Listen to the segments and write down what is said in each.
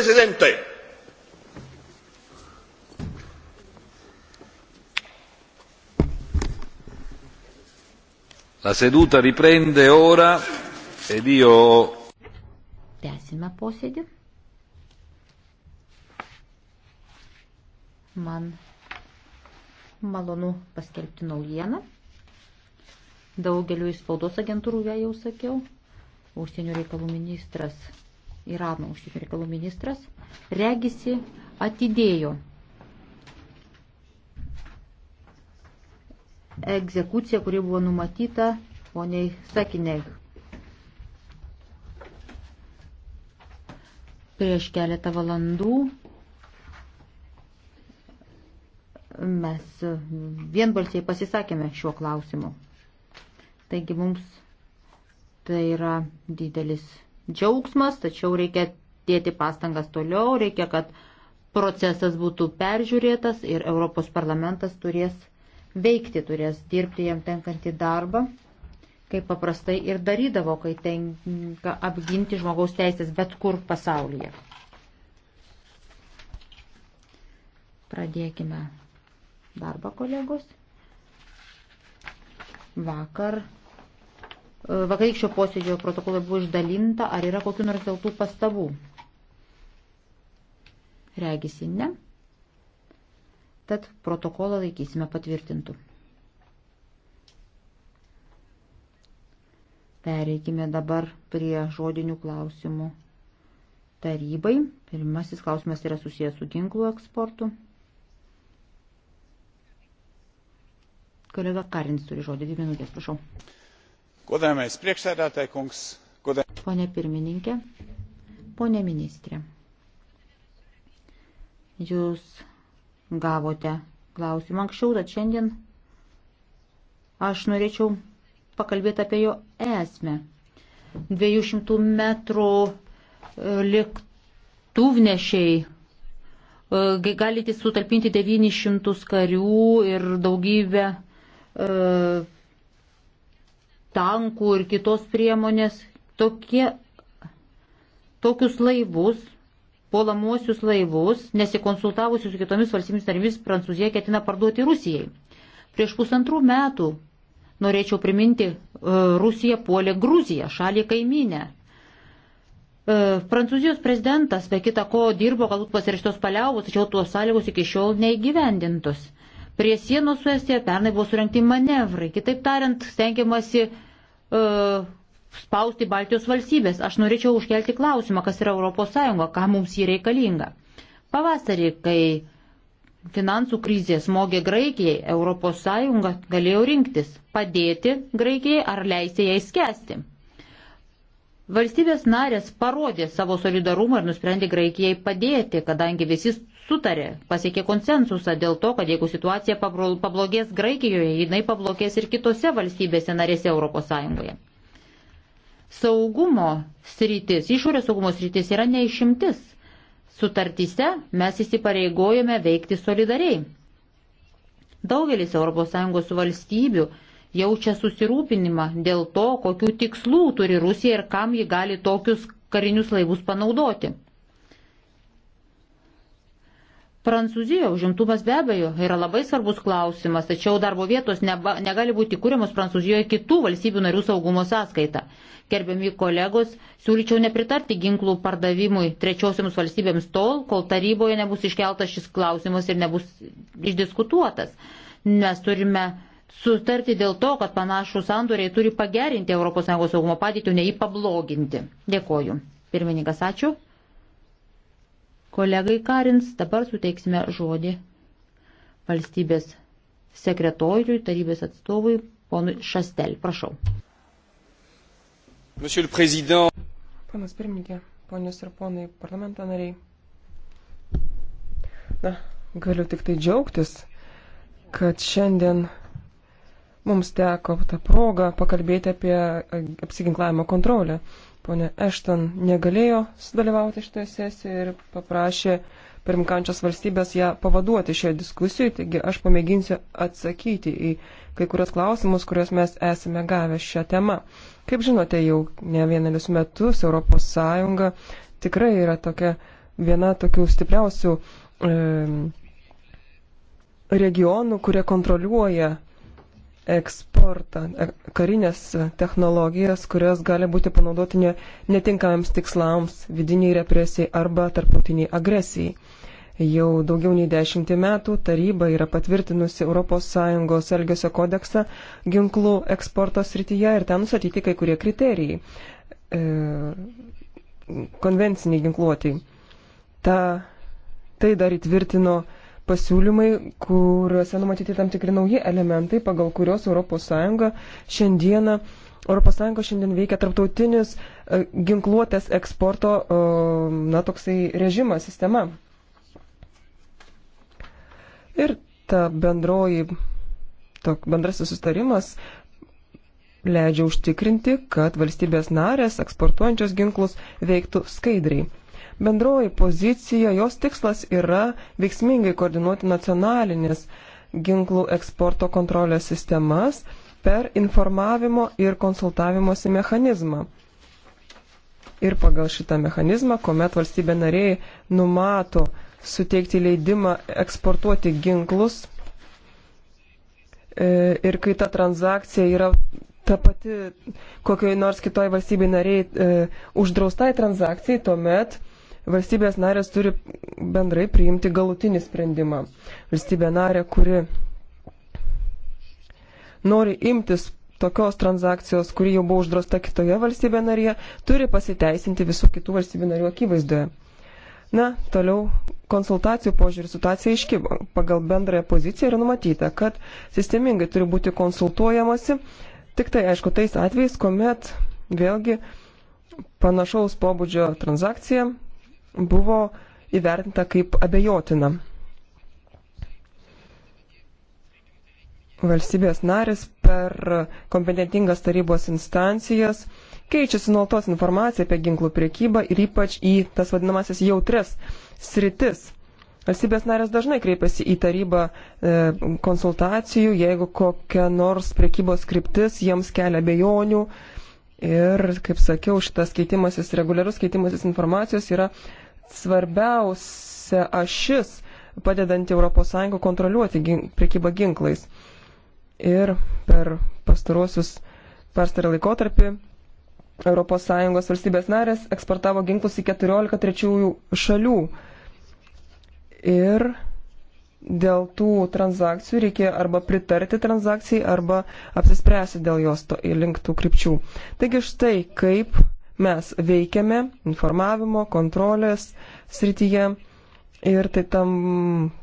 Presidente. La seduta riprende ora ed io. Tęsime posėdį. Man malonu paskelbti naujieną. Daugeliu į spaudos agentūrų ją jau sakiau. Užsienio reikalų ministras Irano užsienio reikalų ministras, regisi atidėjo egzekuciją, kuri buvo numatyta poniai Sakinei. Prieš keletą valandų mes vienbalsiai pasisakėme šiuo klausimu. Taigi mums tai yra didelis džiaugsmas, tačiau reikia dėti pastangas toliau, reikia, kad procesas būtų peržiūrėtas ir Europos parlamentas turės veikti, turės dirbti jam tenkantį darbą, kaip paprastai ir darydavo, kai tenka apginti žmogaus teisės bet kur pasaulyje. Pradėkime darbą, kolegos. Vakar Vakarykščio posėdžio protokolai buvo išdalinta, ar yra kokiu nors dėl tų pastabų? Regisi ne. Tad protokolą laikysime patvirtintų. Pereikime dabar prie žodinių klausimų tarybai. Pirmasis klausimas yra susijęs su ginklų eksportu. Kolega Karins turi žodį, dvi minutės, prašau. Godājamais priekšsēdētāji kungs. Godē... Pone pirmininkė, pone ministrė, jūs gavote klausimą anksčiau, tad šiandien aš norėčiau pakalbėti apie jo esmę. 200 metrų e, lėktuvnešiai e, galite sutalpinti 900 karių ir daugybę e, tankų ir kitos priemonės, tokie, tokius laivus, puolamuosius laivus, nesikonsultavusius su kitomis valstybėmis narimis, Prancūzija ketina parduoti Rusijai. Prieš pusantrų metų, norėčiau priminti, e, Rusija puolė Gruziją, šalį kaiminę. E, Prancūzijos prezidentas, be kita ko, dirbo galbūt pasirašytos paliaubos, tačiau tuos sąlygos iki šiol neįgyvendintos. Prie sienos su Estija pernai buvo surinkti manevrai. Kitaip tariant, stengiamasi E, spausti Baltijos valstybės. Aš norėčiau užkelti klausimą, kas yra ES, ką mums jį reikalinga. Pavasarį, kai finansų krizė smogė Graikijai, ES galėjo rinktis - padėti Graikijai ar leisti jai skęsti. Valstybės narės parodė savo solidarumą ir nusprendė Graikijai padėti, kadangi visi sutarė, pasiekė konsensusą dėl to, kad jeigu situacija pablogės Graikijoje, jinai pablogės ir kitose valstybėse narėse ES. Saugumo sritis, išorės saugumo sritis yra neišimtis. Sutartyse mes įsipareigojame veikti solidariai. Daugelis ES valstybių jaučia susirūpinimą dėl to, kokių tikslų turi Rusija ir kam ji gali tokius karinius laivus panaudoti. Prancūzijoje užimtumas be abejo yra labai svarbus klausimas, tačiau darbo vietos neba, negali būti kūriamos Prancūzijoje kitų valstybių narių saugumo sąskaita. Gerbiami kolegos, siūlyčiau nepritarti ginklų pardavimui trečiosiams valstybėms tol, kol taryboje nebus iškeltas šis klausimas ir nebus išdiskutuotas. Mes turime sutarti dėl to, kad panašų sandoriai turi pagerinti ES saugumo padėtį, o ne jį pabloginti. Dėkoju. Pirmininkas, ačiū. Kolegai Karins dabar suteiksime žodį valstybės sekretoriui, tarybės atstovui, ponui Šastel. Prašau. Panas pirmininkė, ponios ir ponai parlamento nariai. Na, galiu tik tai džiaugtis, kad šiandien mums teko tą progą pakalbėti apie apsiginklavimo kontrolę ponė Ešton negalėjo sudalyvauti šitoje sesijoje ir paprašė pirmkančios valstybės ją pavaduoti šioje diskusijoje, taigi aš pamėginsiu atsakyti į kai kurios klausimus, kuriuos mes esame gavę šią temą. Kaip žinote, jau ne vienerius metus ES tikrai yra tokia viena tokių stipriausių e, regionų, kurie kontroliuoja eksportą, karinės technologijas, kurios gali būti panaudoti netinkamiems tikslams, vidiniai represijai arba tarptautiniai agresijai. Jau daugiau nei dešimtį metų taryba yra patvirtinusi ES Elgesio kodeksą ginklų eksporto srityje ir ten nusatyti kai kurie kriterijai e, konvenciniai ginkluotėjai. Ta, tai dar įtvirtino e, pasiūlymai, kuriuose numatyti tam tikri nauji elementai, pagal kuriuos ES šiandieną ES šiandien veikia tarptautinis e, ginkluotės eksporto, e, na, toksai režimas, sistema. Ir ta bendroji, tok, bendrasis sustarimas leidžia užtikrinti, kad valstybės narės eksportuojančios ginklus veiktų skaidriai. Bendroji pozicija, jos tikslas yra veiksmingai koordinuoti nacionalinės ginklų eksporto kontrolės sistemas per informavimo ir konsultavimosi mechanizmą. Ir pagal šitą mechanizmą, kuomet valstybė nariai numato suteikti leidimą eksportuoti ginklus e, ir kai ta transakcija yra ta pati kokioj nors kitoj valstybei nariai e, uždraustai transakcijai, tuomet valstybės narės turi bendrai priimti galutinį sprendimą. Valstybė narė, kuri nori imtis tokios transakcijos, kuri jau buvo uždrausta kitoje valstybė narėje, turi pasiteisinti visų kitų valstybių narių akivaizdoje. Na, toliau konsultacijų požiūrį situacija aiški. Pagal bendrąją poziciją yra numatyta, kad sistemingai turi būti konsultuojamasi, tik tai aišku tais atvejais, kuomet vėlgi panašaus pobūdžio transakcija buvo įvertinta kaip abejotina. Valstybės narės per kompetentingas tarybos instancijas keičiasi nuolatos informacija apie ginklų priekybą ir ypač į tas vadinamasis jautres sritis. Valstybės narės dažnai kreipiasi į tarybą e, konsultacijų, jeigu kokia nors priekybos kryptis jiems kelia bejonių. Ir, kaip sakiau, šitas keitimasis, reguliarus keitimasis informacijos yra svarbiausia ašis padedanti ES kontroliuoti gink, prekybą ginklais. Ir per pastaruosius pastarą laikotarpį ES valstybės narės eksportavo ginklus į 14 trečiųjų šalių. Ir dėl tų transakcijų reikia arba pritarti transakcijai, arba apsispręsti dėl jos to, link tų krypčių. Taigi štai kaip mes veikiame informavimo, kontrolės srityje ir tai tam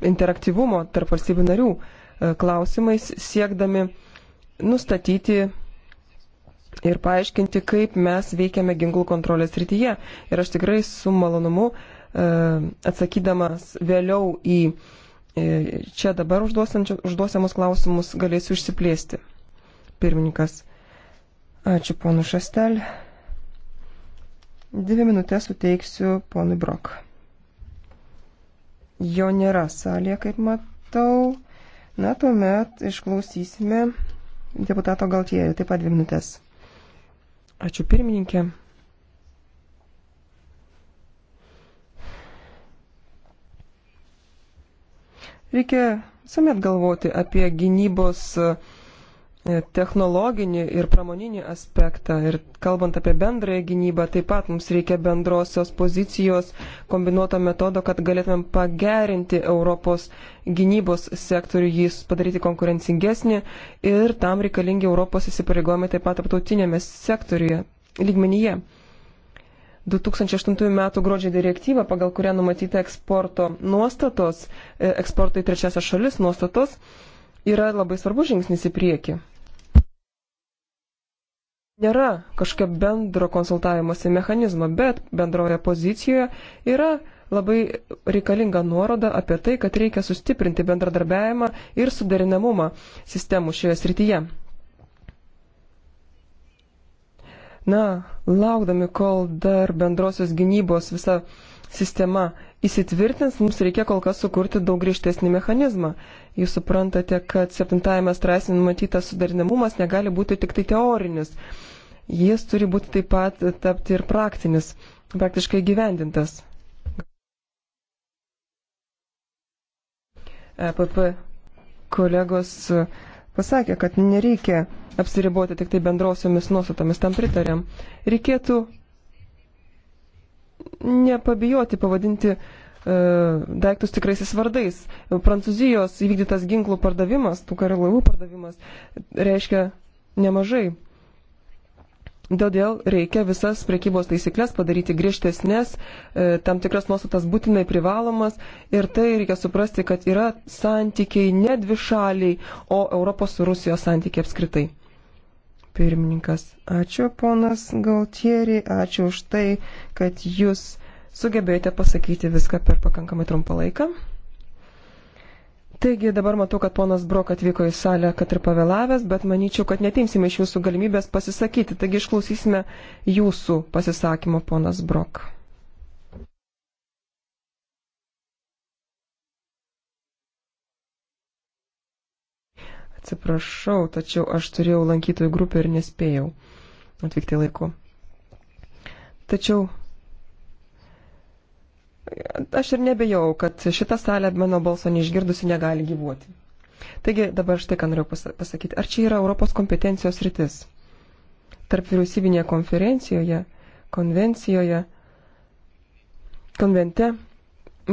interaktyvumo tarp valstybių narių e, klausimais siekdami nustatyti ir paaiškinti, kaip mes veikiame ginklų kontrolės srityje. Ir aš tikrai su malonumu e, atsakydamas vėliau į e, čia dabar užduosiamus klausimus galėsiu išsiplėsti. Pirmininkas. Ačiū ponu Šastel. Dvi minutės suteiksiu ponui Brok. Jo nėra salėje, kaip matau. Na, tuomet išklausysime deputato Galtierį, taip pat dvi minutės. Ačiū pirmininkė. Reikia visuomet galvoti apie gynybos uh, E, technologinį ir pramoninį aspektą. Ir kalbant apie bendrąją gynybą, taip pat mums reikia bendrosios pozicijos kombinuoto metodo, kad galėtumėm pagerinti Europos gynybos sektorių, jis padaryti konkurencingesnį ir tam reikalingi Europos įsipareigojimai taip pat aptautinėme sektoriuje, lygmenyje. 2008 m. gruodžio direktyva, pagal kurią numatyta eksporto nuostatos, e, eksporto į trečiasias šalis nuostatos, yra labai svarbus žingsnis į priekį nėra kažkokio bendro konsultavimosi mechanizmo, bet bendroje pozicijoje yra labai reikalinga nuoroda apie tai, kad reikia sustiprinti bendradarbiavimą ir suderinamumą sistemų šioje srityje. Na, laukdami, kol dar bendrosios gynybos visa sistema įsitvirtins, mums reikia kol kas sukurti daug griežtesnį mechanizmą. Jūs suprantate, kad septintajame straipsnėje numatytas sudarinamumas negali būti tik tai teorinis. Jis turi būti taip pat tapti ir praktinis, praktiškai gyvendintas. EPP kolegos pasakė, kad nereikia apsiriboti tik tai bendrosiomis nuostatomis, tam pritarėm. Reikėtų nepabijoti pavadinti e, daiktus tikraisiais vardais. Prancūzijos įvykdytas ginklų pardavimas, tų karių laivų pardavimas reiškia nemažai. Todėl reikia visas priekybos taisyklės padaryti griežtesnės, e, tam tikras nuostatas būtinai privalomas ir tai reikia suprasti, kad yra santykiai ne dvi šaliai, o Europos ir Rusijos santykiai apskritai. Pirmininkas, ačiū ponas Galtieri, ačiū už tai, kad jūs sugebėjote pasakyti viską per pakankamai trumpą laiką. Taigi dabar matau, kad ponas Brok atvyko į salę, kad ir pavėlavęs, bet manyčiau, kad netimsime iš jūsų galimybės pasisakyti. Taigi išklausysime jūsų pasisakymo, ponas Brok. Atsiprašau, tačiau aš turėjau lankytojų grupę ir nespėjau atvykti laiku. Tačiau aš ir nebejau, kad šita salė mano balso neišgirdusi negali gyvuoti. Taigi dabar štai ką noriu pasakyti. Ar čia yra Europos kompetencijos rytis? Tarp vyriausybinėje konferencijoje, konvencijoje, konvente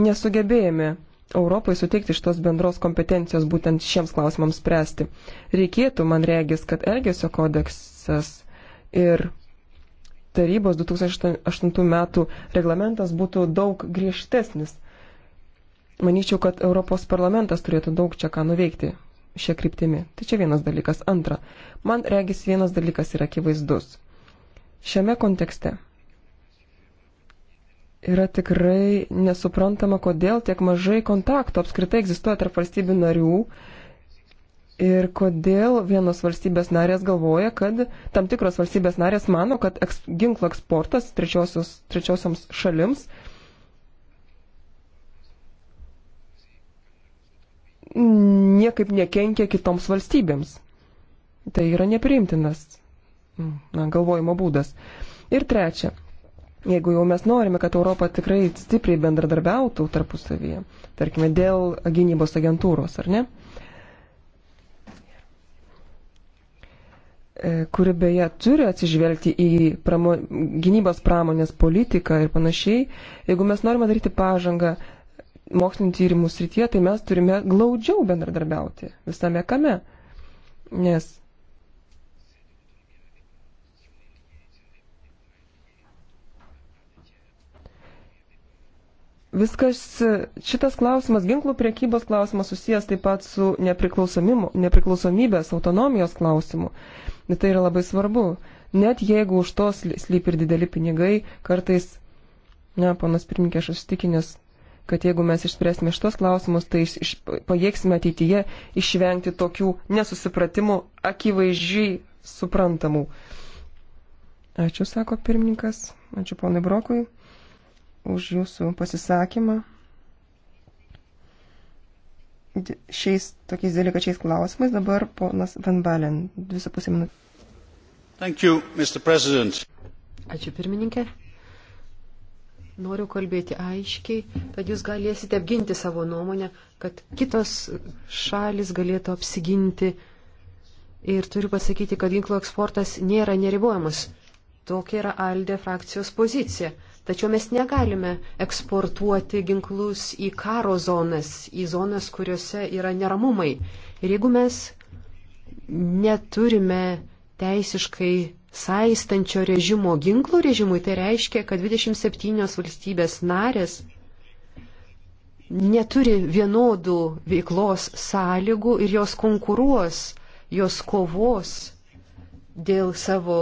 nesugebėjome Europai suteikti šitos bendros kompetencijos būtent šiems klausimams spręsti. Reikėtų, man regis, kad Elgesio kodeksas ir tarybos 2008 metų reglamentas būtų daug griežtesnis. Manyčiau, kad Europos parlamentas turėtų daug čia ką nuveikti šią kryptimį. Tai čia vienas dalykas. Antra, man regis vienas dalykas yra akivaizdus. Šiame kontekste yra tikrai nesuprantama, kodėl tiek mažai kontaktų apskritai egzistuoja tarp valstybių narių ir kodėl vienos valstybės narės galvoja, kad tam tikros valstybės narės mano, kad eks, ginklo eksportas trečiosioms šalims niekaip nekenkia kitoms valstybėms. Tai yra nepriimtinas mm, na, galvojimo būdas. Ir trečia, jeigu jau mes norime, kad Europa tikrai stipriai bendradarbiautų tarpusavyje, tarkime, dėl gynybos agentūros, ar ne? E, kuri beje turi atsižvelgti į pramo, gynybos pramonės politiką ir panašiai. Jeigu mes norime daryti pažangą mokslinio tyrimų srityje, tai mes turime glaudžiau bendradarbiauti visame kame. Nes Viskas, šitas klausimas, ginklų priekybos klausimas susijęs taip pat su nepriklausomybės, autonomijos klausimu. Ir tai yra labai svarbu. Net jeigu už to slypi ir dideli pinigai, kartais, ne, panas pirmininkė, aš įstikinęs, kad jeigu mes išspręsime šitos klausimus, tai iš, iš, pajėgsime ateityje išvengti tokių nesusipratimų akivaizdžiai suprantamų. Ačiū, sako pirmininkas. Ačiū ponui Brokui už jūsų pasisakymą šiais tokiais delikačiais klausimais. Dabar ponas Van Balen, dvi su pusė minutė. Ačiū pirmininkė. Noriu kalbėti aiškiai, tad jūs galėsite apginti savo nuomonę, kad kitos šalis galėtų apsiginti. Ir turiu pasakyti, kad ginklo eksportas nėra neribojamas. Tokia yra Aldė frakcijos pozicija. Tačiau mes negalime eksportuoti ginklus į karo zonas, į zonas, kuriuose yra neramumai. Ir jeigu mes neturime teisiškai saistančio režimo ginklų režimui, tai reiškia, kad 27 valstybės narės neturi vienodų veiklos sąlygų ir jos konkuruos, jos kovos dėl savo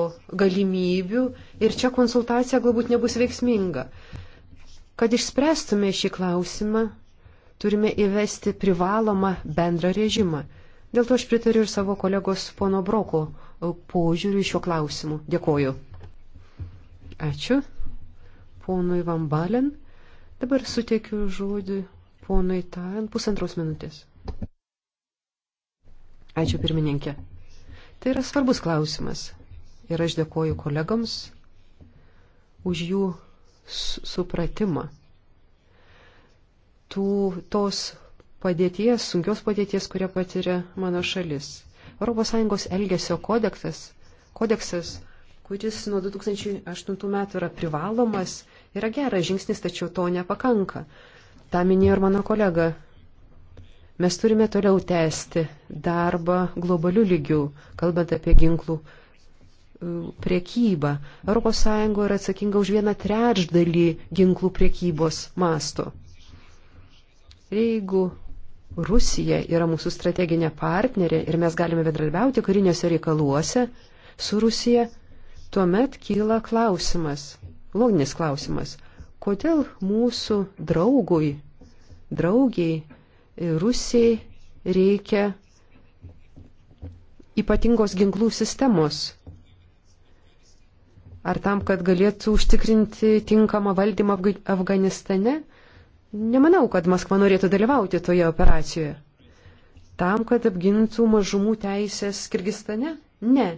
galimybių ir čia konsultacija galbūt nebus veiksminga. Kad išspręstume šį klausimą, turime įvesti privalomą bendrą režimą. Dėl to aš pritariu ir savo kolegos pono Broko požiūriu šiuo klausimu. Dėkoju. Ačiū. Ponui Vambalen. Dabar suteikiu žodį ponui Tan pusantros minutės. Ačiū pirmininkė. Tai yra svarbus klausimas. Ir aš dėkoju kolegams už jų supratimą. Tų, tos padėties, sunkios padėties, kurią patiria mano šalis. ES elgesio kodeksas, kodeksas, kuris nuo 2008 metų yra privalomas, yra geras žingsnis, tačiau to nepakanka. Ta minėjo ir mano kolega Mes turime toliau tęsti darbą globalių lygių, kalbant apie ginklų e, priekybą. ES yra atsakinga už vieną trečdalį ginklų priekybos masto. Jeigu Rusija yra mūsų strateginė partnerė ir mes galime bendradarbiauti kariniuose reikaluose su Rusija, tuomet kyla klausimas, loginis klausimas, kodėl mūsų draugui, draugiai Rusijai reikia ypatingos ginklų sistemos. Ar tam, kad galėtų užtikrinti tinkamą valdymą Afganistane? Nemanau, kad Maskva norėtų dalyvauti toje operacijoje. Tam, kad apgintų mažumų teisės Kirgistane? Ne.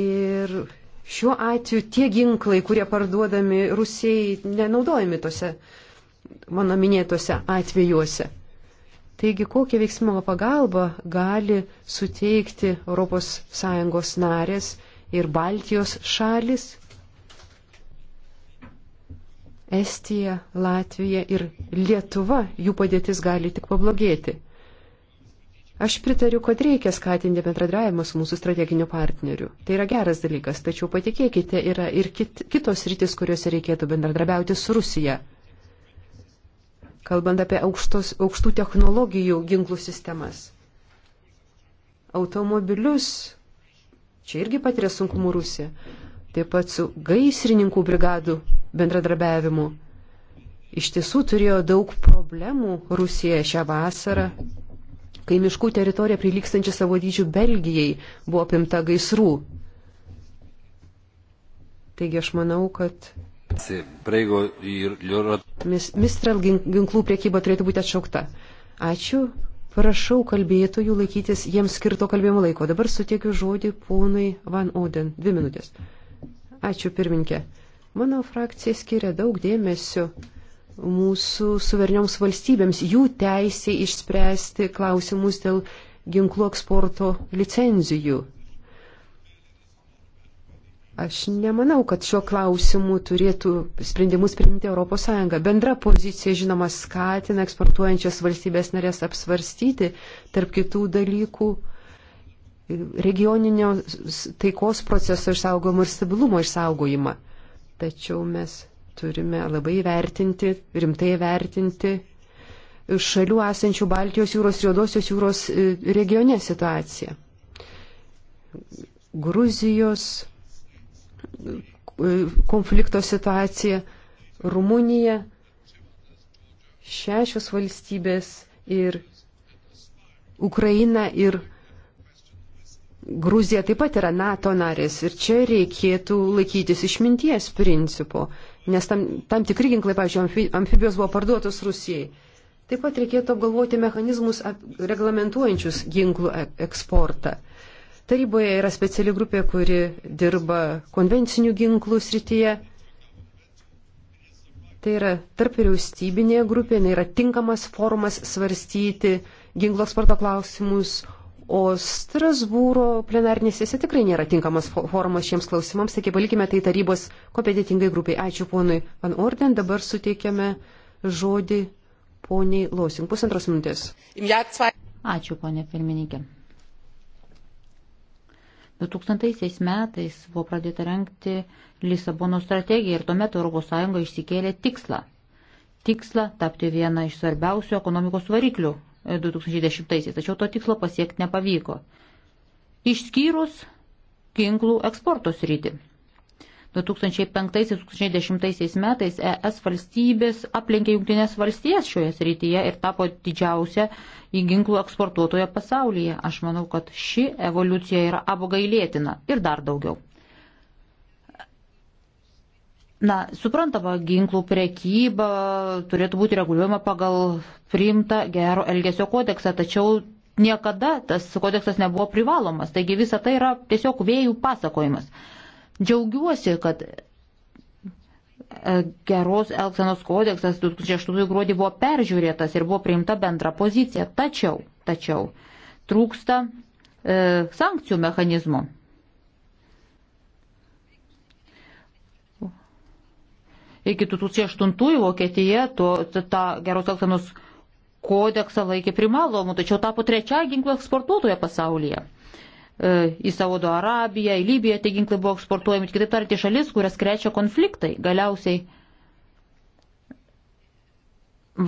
Ir šiuo atveju tie ginklai, kurie parduodami Rusijai, nenaudojami tose uh, mano minėtose atvejuose. Taigi, kokią veiksmingą pagalbą gali suteikti ES narės ir Baltijos šalis, Estija, Latvija ir Lietuva, jų padėtis gali tik pablogėti. Aš pritariu, kad reikia skatinti bendradarbiavimą su mūsų strateginiu partneriu. Tai yra geras dalykas, tačiau patikėkite, yra ir kit, kitos rytis, kuriuose reikėtų bendradarbiauti su Rusija kalbant apie aukštos, aukštų technologijų ginklų sistemas. Automobilius čia irgi patiria sunkumų Rusija. Taip pat su gaisrininkų brigadų bendradarbiavimu. Iš tiesų turėjo daug problemų Rusija šią vasarą, kai miškų teritorija prilykstančia savo dydžiu Belgijai buvo apimta gaisrų. Taigi aš manau, kad Mistral ginklų priekyba turėtų būti atšaukta. Ačiū. Prašau kalbėtojų laikytis jiems skirto kalbėjimo laiko. Dabar suteikiu žodį ponui Van Oden. Dvi minutės. Ačiū pirminkė. Mano frakcija skiria daug dėmesio mūsų suverenioms valstybėms, jų teisė išspręsti klausimus dėl ginklų eksporto licenzijų. Aš nemanau, kad šiuo klausimu turėtų sprendimus priimti ES. Bendra pozicija, žinoma, skatina eksportuojančias valstybės narės apsvarstyti, tarp kitų dalykų, regioninio taikos proceso išsaugojimo ir stabilumo išsaugojimą. Tačiau mes turime labai vertinti, rimtai vertinti šalių esančių Baltijos jūros, Juodosios jūros e, regione situaciją. Gruzijos konflikto situacija, Rumunija, šešios valstybės ir Ukraina ir Gruzija taip pat yra NATO narės ir čia reikėtų laikytis išminties principo, nes tam, tam tikri ginklai, pavyzdžiui, amfibijos buvo parduotos Rusijai. Taip pat reikėtų apgalvoti mechanizmus reglamentuojančius ginklų e, eksportą. Taryboje yra speciali grupė, kuri dirba konvencinių ginklų srityje. Tai yra tarp vyriausybinė grupė, tai yra tinkamas formas svarstyti ginklo eksporto klausimus, O Strasbūro plenarnė sesija tikrai nėra tinkamas forumas šiems klausimams, taigi palikime tai tarybos kompetitingai grupiai. Ačiū ponui Van Orden, dabar suteikiame žodį poniai Losing. Pusantros minutės. Ačiū ponė pirmininkė. 2000 metais buvo pradėta renkti Lisabono strategija ir tuomet ES išsikėlė tikslą. Tikslą tapti vieną iš svarbiausių ekonomikos variklių 2010-aisiais, e, tačiau to tikslo pasiekti nepavyko. Išskyrus ginklų eksporto sritį. 2005-2010 metais ES valstybės aplenkė Junktinės valstijas šioje srityje ir tapo didžiausia į ginklų eksportuotoje pasaulyje. Aš manau, kad ši evoliucija yra abogailėtina ir dar daugiau. Na, suprantama, ginklų prekyba turėtų būti reguliuojama pagal priimtą gero elgesio kodeksą, tačiau niekada tas kodeksas nebuvo privalomas. Taigi visa tai yra tiesiog vėjų pasakojimas. Džiaugiuosi, kad e, geros Elksenos kodeksas 2008 gruodį buvo peržiūrėtas ir buvo priimta bendra pozicija. Tačiau, tačiau trūksta e, sankcijų mechanizmo. Iki 2008 Vokietija to, tą geros Elksenos kodeksą laikė primalomų, tačiau tapo trečia ginklo eksportuotoja pasaulyje. E, į Saudo Arabiją, į Libiją tie ginklai buvo eksportuojami, kitaip tariant, į šalis, kurias krečia konfliktai. Galiausiai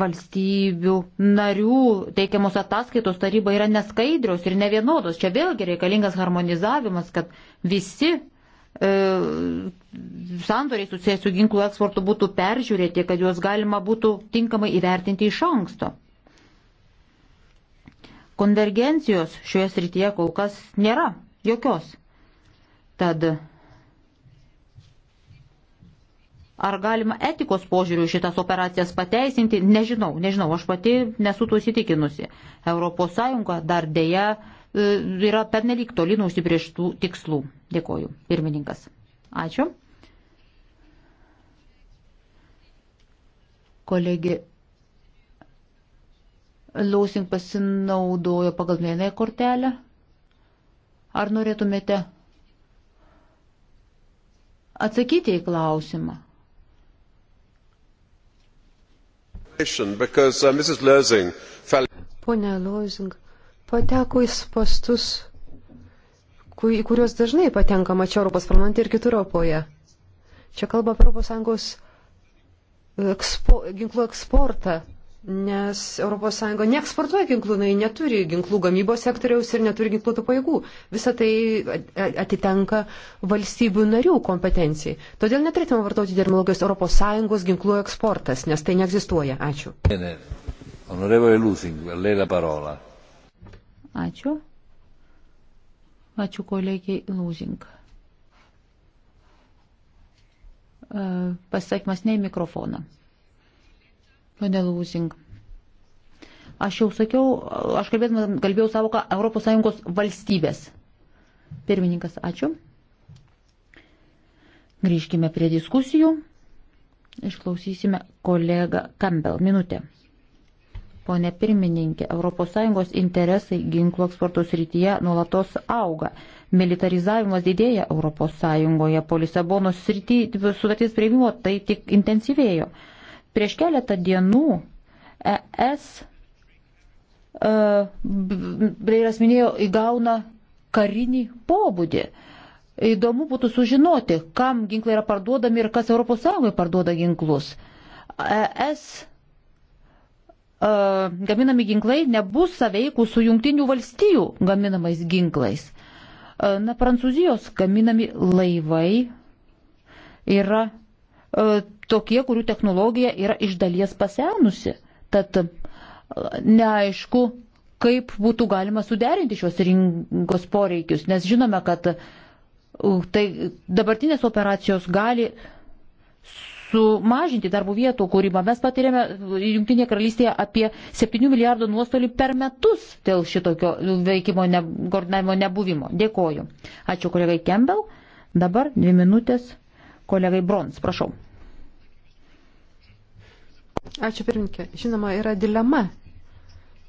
valstybių narių teikiamos ataskaitos taryba yra neskaidrios ir nevienodos. Čia vėlgi reikalingas harmonizavimas, kad visi e, sandoriai susijęs su ginklų eksportu būtų peržiūrėti, kad juos galima būtų tinkamai įvertinti iš anksto. Konvergencijos šioje srityje kol kas nėra jokios. Tad ar galima etikos požiūrių šitas operacijas pateisinti, nežinau, nežinau, aš pati nesu tuo įsitikinusi. ES dar dėja e, yra pernelik toli nuo užsibrieštų tikslų. Dėkoju, pirmininkas. Ačiū. Kolegė Lausing pasinaudojo pagal mėnąją kortelę. Ar norėtumėte atsakyti į klausimą? Uh, Pone Lozing, pateko į spastus, į kuriuos dažnai patenkama čia Europos parlamente ir kitur Europoje. Čia kalba apie ES ekspo, ginklų eksportą nes ES neeksportuoja ginklų, jinai neturi ginklų gamybos sektoriaus ir neturi ginkluotų pajėgų. Visą tai atitenka valstybių narių kompetencijai. Todėl neturėtume vartoti terminologijos ES ginklų eksportas, nes tai neegzistuoja. Ačiū. Ačiū. Ačiū kolegiai Lūzink. E, pasakymas ne į mikrofoną. Pane Lūzing. Aš jau sakiau, aš kalbėtum, kalbėjau savoką ES valstybės. Pirmininkas, ačiū. Grįžkime prie diskusijų. Išklausysime kolegą Campbell. Minutė. Pone pirmininkė, ES interesai ginklų eksporto srityje nuolatos auga. Militarizavimas didėja ES, po Lisabonos sutarties prieimimo tai tik intensyvėjo. Prieš keletą dienų ES, e, Breiras minėjo, įgauna karinį pobūdį. Įdomu būtų sužinoti, kam ginklai yra parduodami ir kas ES parduoda ginklus. ES e, gaminami ginklai nebus saveikų su jungtinių valstijų gaminamais ginklais. E, na, Prancūzijos gaminami laivai yra tokie, kurių technologija yra iš dalies pasenusi. Tad e, neaišku, kaip būtų galima suderinti šios rinkos poreikius, nes žinome, kad e, tai dabartinės operacijos gali sumažinti darbo vietų kūrimą. Mes patyrėme Junktinėje karalystėje apie 7 milijardų nuostolių per metus dėl šitokio veikimo ne, koordinavimo nebuvimo. Dėkoju. Ačiū kolegai Campbell. Dabar dvi minutės kolegai Brons. Prašau. Ačiū pirminkė. Žinoma, yra dilema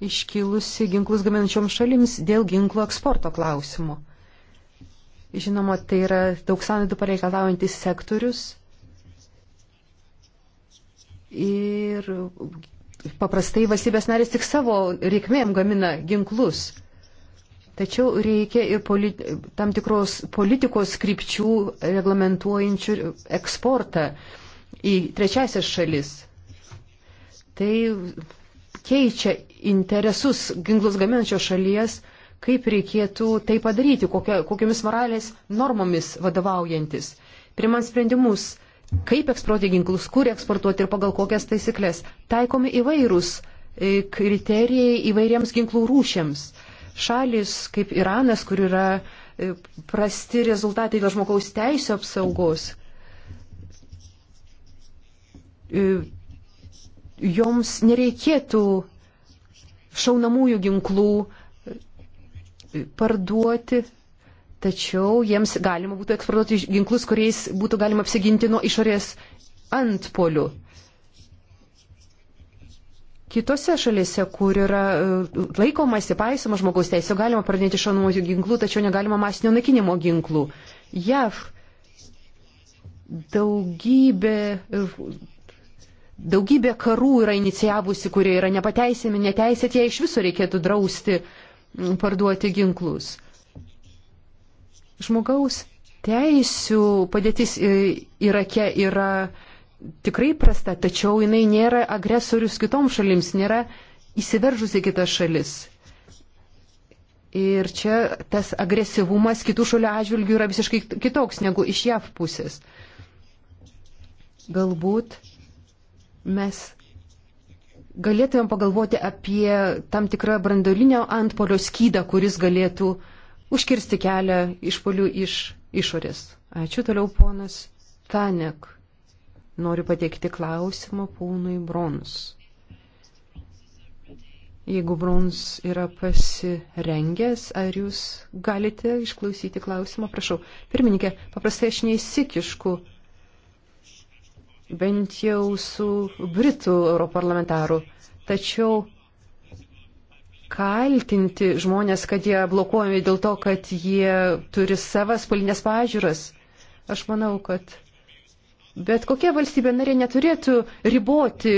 iškilusi ginklus gaminančioms šalims dėl ginklų eksporto klausimų. Žinoma, tai yra daug sąnaidų pareikalaujantis sektorius ir paprastai valstybės narės tik savo reikmėm gamina ginklus. Tačiau reikia ir politi tam tikros politikos skripčių reglamentuojančių eksportą į trečiasias šalis. Tai keičia interesus ginklus gaminančios šalies, kaip reikėtų tai padaryti, kokia, kokiamis moralės normomis vadovaujantis. Primant sprendimus, kaip eksportuoti ginklus, kur eksportuoti ir pagal kokias taisyklės, taikomi įvairūs e, kriterijai įvairiems ginklų rūšiams. Šalis kaip Iranas, kur yra e, prasti rezultatai dėl žmogaus teisų apsaugos, e, joms nereikėtų šaunamųjų ginklų parduoti, tačiau jiems galima būtų eksportuoti ginklus, kuriais būtų galima apsiginti nuo išorės antpolių. Kitose šalise, kur yra e, laikomasi paisoma žmogaus teisė, galima pradėti šaunamųjų ginklų, tačiau negalima masinio nakinimo ginklų. JAV daugybė daugybė karų yra inicijavusi, kurie yra nepateisėmi, neteisėti, jie iš viso reikėtų drausti parduoti ginklus. Žmogaus teisų padėtis e, Irake yra tikrai prasta, tačiau jinai nėra agresorius kitoms šalims, nėra įsiveržusi kitas šalis. Ir čia tas agresyvumas kitų šalių atžvilgių yra visiškai kitoks negu iš JAV pusės. Galbūt mes galėtumėm pagalvoti apie tam tikrą brandolinio antpolio skydą, kuris galėtų užkirsti kelią išpolių iš išorės. Ačiū toliau, ponas Tanek. Noriu pateikti klausimą ponui Brons. Jeigu Brons yra pasirengęs, ar jūs galite išklausyti klausimą? Prašau. Pirmininkė, paprastai aš neįsikišku bent jau su Britų europarlamentaru. Tačiau kaltinti žmonės, kad jie blokuojami dėl to, kad jie turi savas politinės pažiūras, aš manau, kad bet kokia valstybė narė neturėtų riboti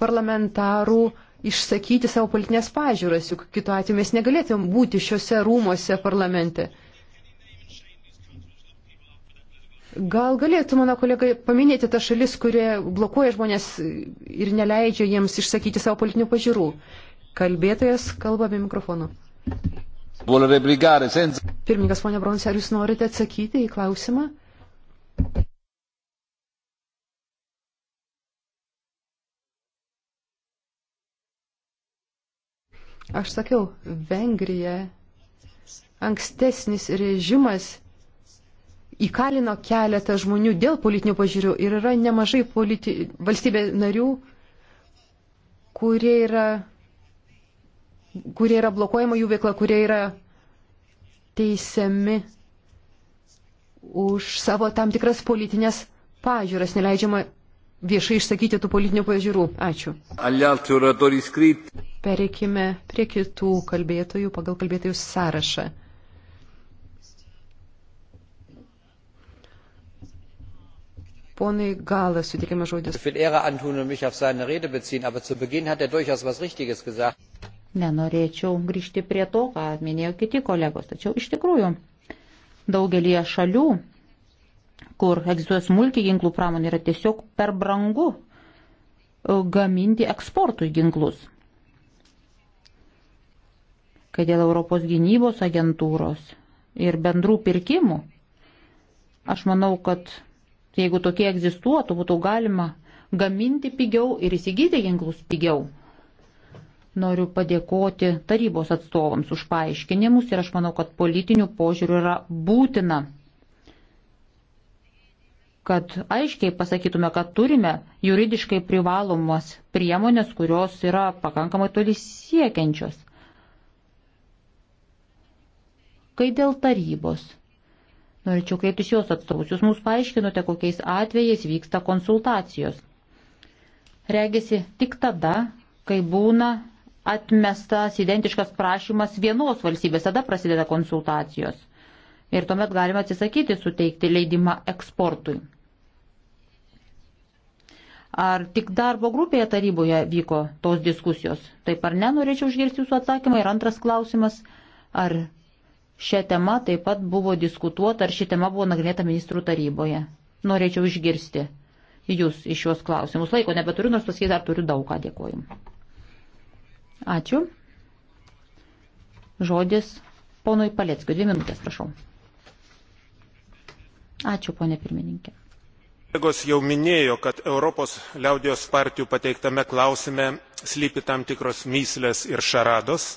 parlamentarų išsakyti savo politinės pažiūras, juk kitu atveju mes negalėtume būti šiuose rūmose parlamente. Gal galėtų mano kolegai paminėti tą šalis, kurie blokuoja žmonės ir neleidžia jiems išsakyti savo politinių pažiūrų. Kalbėtojas kalba be mikrofonų. Pirmininkas, ponia Bronsė, ar jūs norite atsakyti į klausimą? Aš sakiau, Vengrija, ankstesnis režimas įkalino keletą žmonių dėl politinių pažiūrių ir yra nemažai politi... valstybė narių, kurie yra, kurie yra blokuojama jų veikla, kurie yra teisiami už savo tam tikras politinės pažiūras, neleidžiama viešai išsakyti tų politinių pažiūrų. Ačiū. Pereikime prie kitų kalbėtojų pagal kalbėtojų sąrašą. Ponai Galas sutikimas žodis. Er Nenorėčiau grįžti prie to, ką minėjo kiti kolegos, tačiau iš tikrųjų daugelie šalių, kur egzistuoja smulkiai ginklų pramonė, yra tiesiog per brangu e, gaminti eksportui ginklus. Kai dėl Europos gynybos agentūros ir bendrų pirkimų, aš manau, kad Jeigu tokie egzistuotų, būtų galima gaminti pigiau ir įsigyti ginklus pigiau. Noriu padėkoti tarybos atstovams už paaiškinimus ir aš manau, kad politinių požiūrių yra būtina, kad aiškiai pasakytume, kad turime juridiškai privalomas priemonės, kurios yra pakankamai toli siekiančios. Kai dėl tarybos Norėčiau kreiptis jos atstovus. Jūs mums paaiškinote, kokiais atvejais vyksta konsultacijos. Regisi tik tada, kai būna atmestas identiškas prašymas vienos valstybės, tada prasideda konsultacijos. Ir tuomet galima atsisakyti suteikti leidimą eksportui. Ar tik darbo grupėje taryboje vyko tos diskusijos? Taip ar ne, norėčiau išgirsti jūsų atsakymą. Ir antras klausimas, ar Šią temą taip pat buvo diskutuota, ar ši tema buvo nagrinėta ministrų taryboje. Norėčiau išgirsti jūs iš šios klausimus. Laiko nebeturiu, nors pasakyti, ar turiu daug ką. Dėkuoju. Ačiū. Žodis ponui Paleckio. Dvi minutės, prašau. Ačiū, ponė pirmininkė. Kolegos jau minėjo, kad Europos liaudijos partijų pateiktame klausime slypi tam tikros myslės ir šarados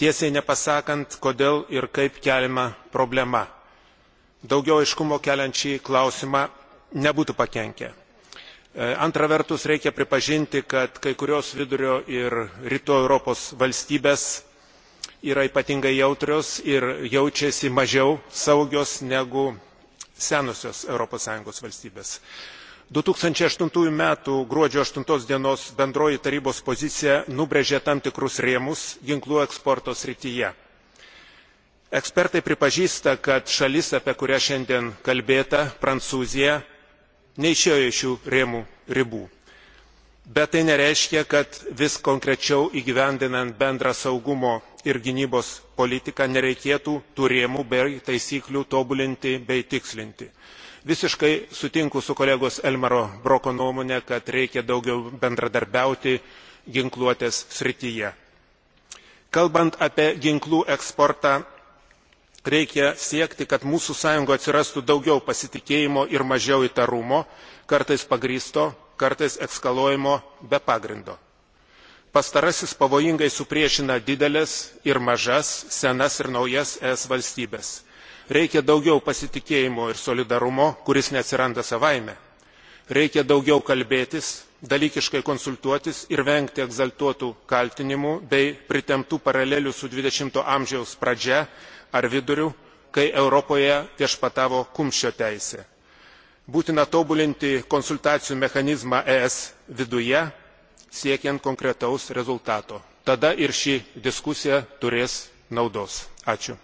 tiesiai nepasakant kodėl ir kaip keliama problema. daugiau aiškumo keliant šį klausimą nebūtų pakenkę. E, antra vertus reikia pripažinti kad kai kurios vidurio ir rytų europos valstybės yra ypatingai jautrios ir jaučiasi mažiau saugios negu senosios europos sąjungos valstybės du tūkstančiai aštuoni m. gruodžio aštuoni d. bendroji tarybos pozicija nubrėžė tam tikrus rėmus ginklų eksporto srityje. ekspertai pripažįsta kad šalis apie kurią šiandien kalbėta prancūzija neišėjo iš šių rėmų ribų bet tai nereiškia kad vis konkrečiau įgyvendinant bendrą saugumo ir gynybos politiką nereikėtų tų rėmų bei taisyklių tobulinti bei tikslinti. Visiškai sutinku su kolegos Elmaro Broko nuomonė, kad reikia daugiau bendradarbiauti ginkluotės srityje. Kalbant apie ginklų eksportą, reikia siekti, kad mūsų sąjungoje atsirastų daugiau pasitikėjimo ir mažiau įtarumo, kartais pagrysto, kartais ekskaluojimo be pagrindo. Pastarasis pavojingai supriešina didelės ir mažas, senas ir naujas ES valstybės reikia daugiau pasitikėjimo ir solidarumo kuris neatsiranda savaime reikia daugiau kalbėtis dalykiškai konsultuotis ir vengti egzaltuotų kaltinimų bei pritemptų paralelių su dvidešimto amžiaus pradžia ar viduriu kai europoje viešpatavo kumščio teisė. būtina tobulinti konsultacijų mechanizmą es viduje siekiant konkretaus rezultato tada ir ši diskusija turės naudos. ačiū.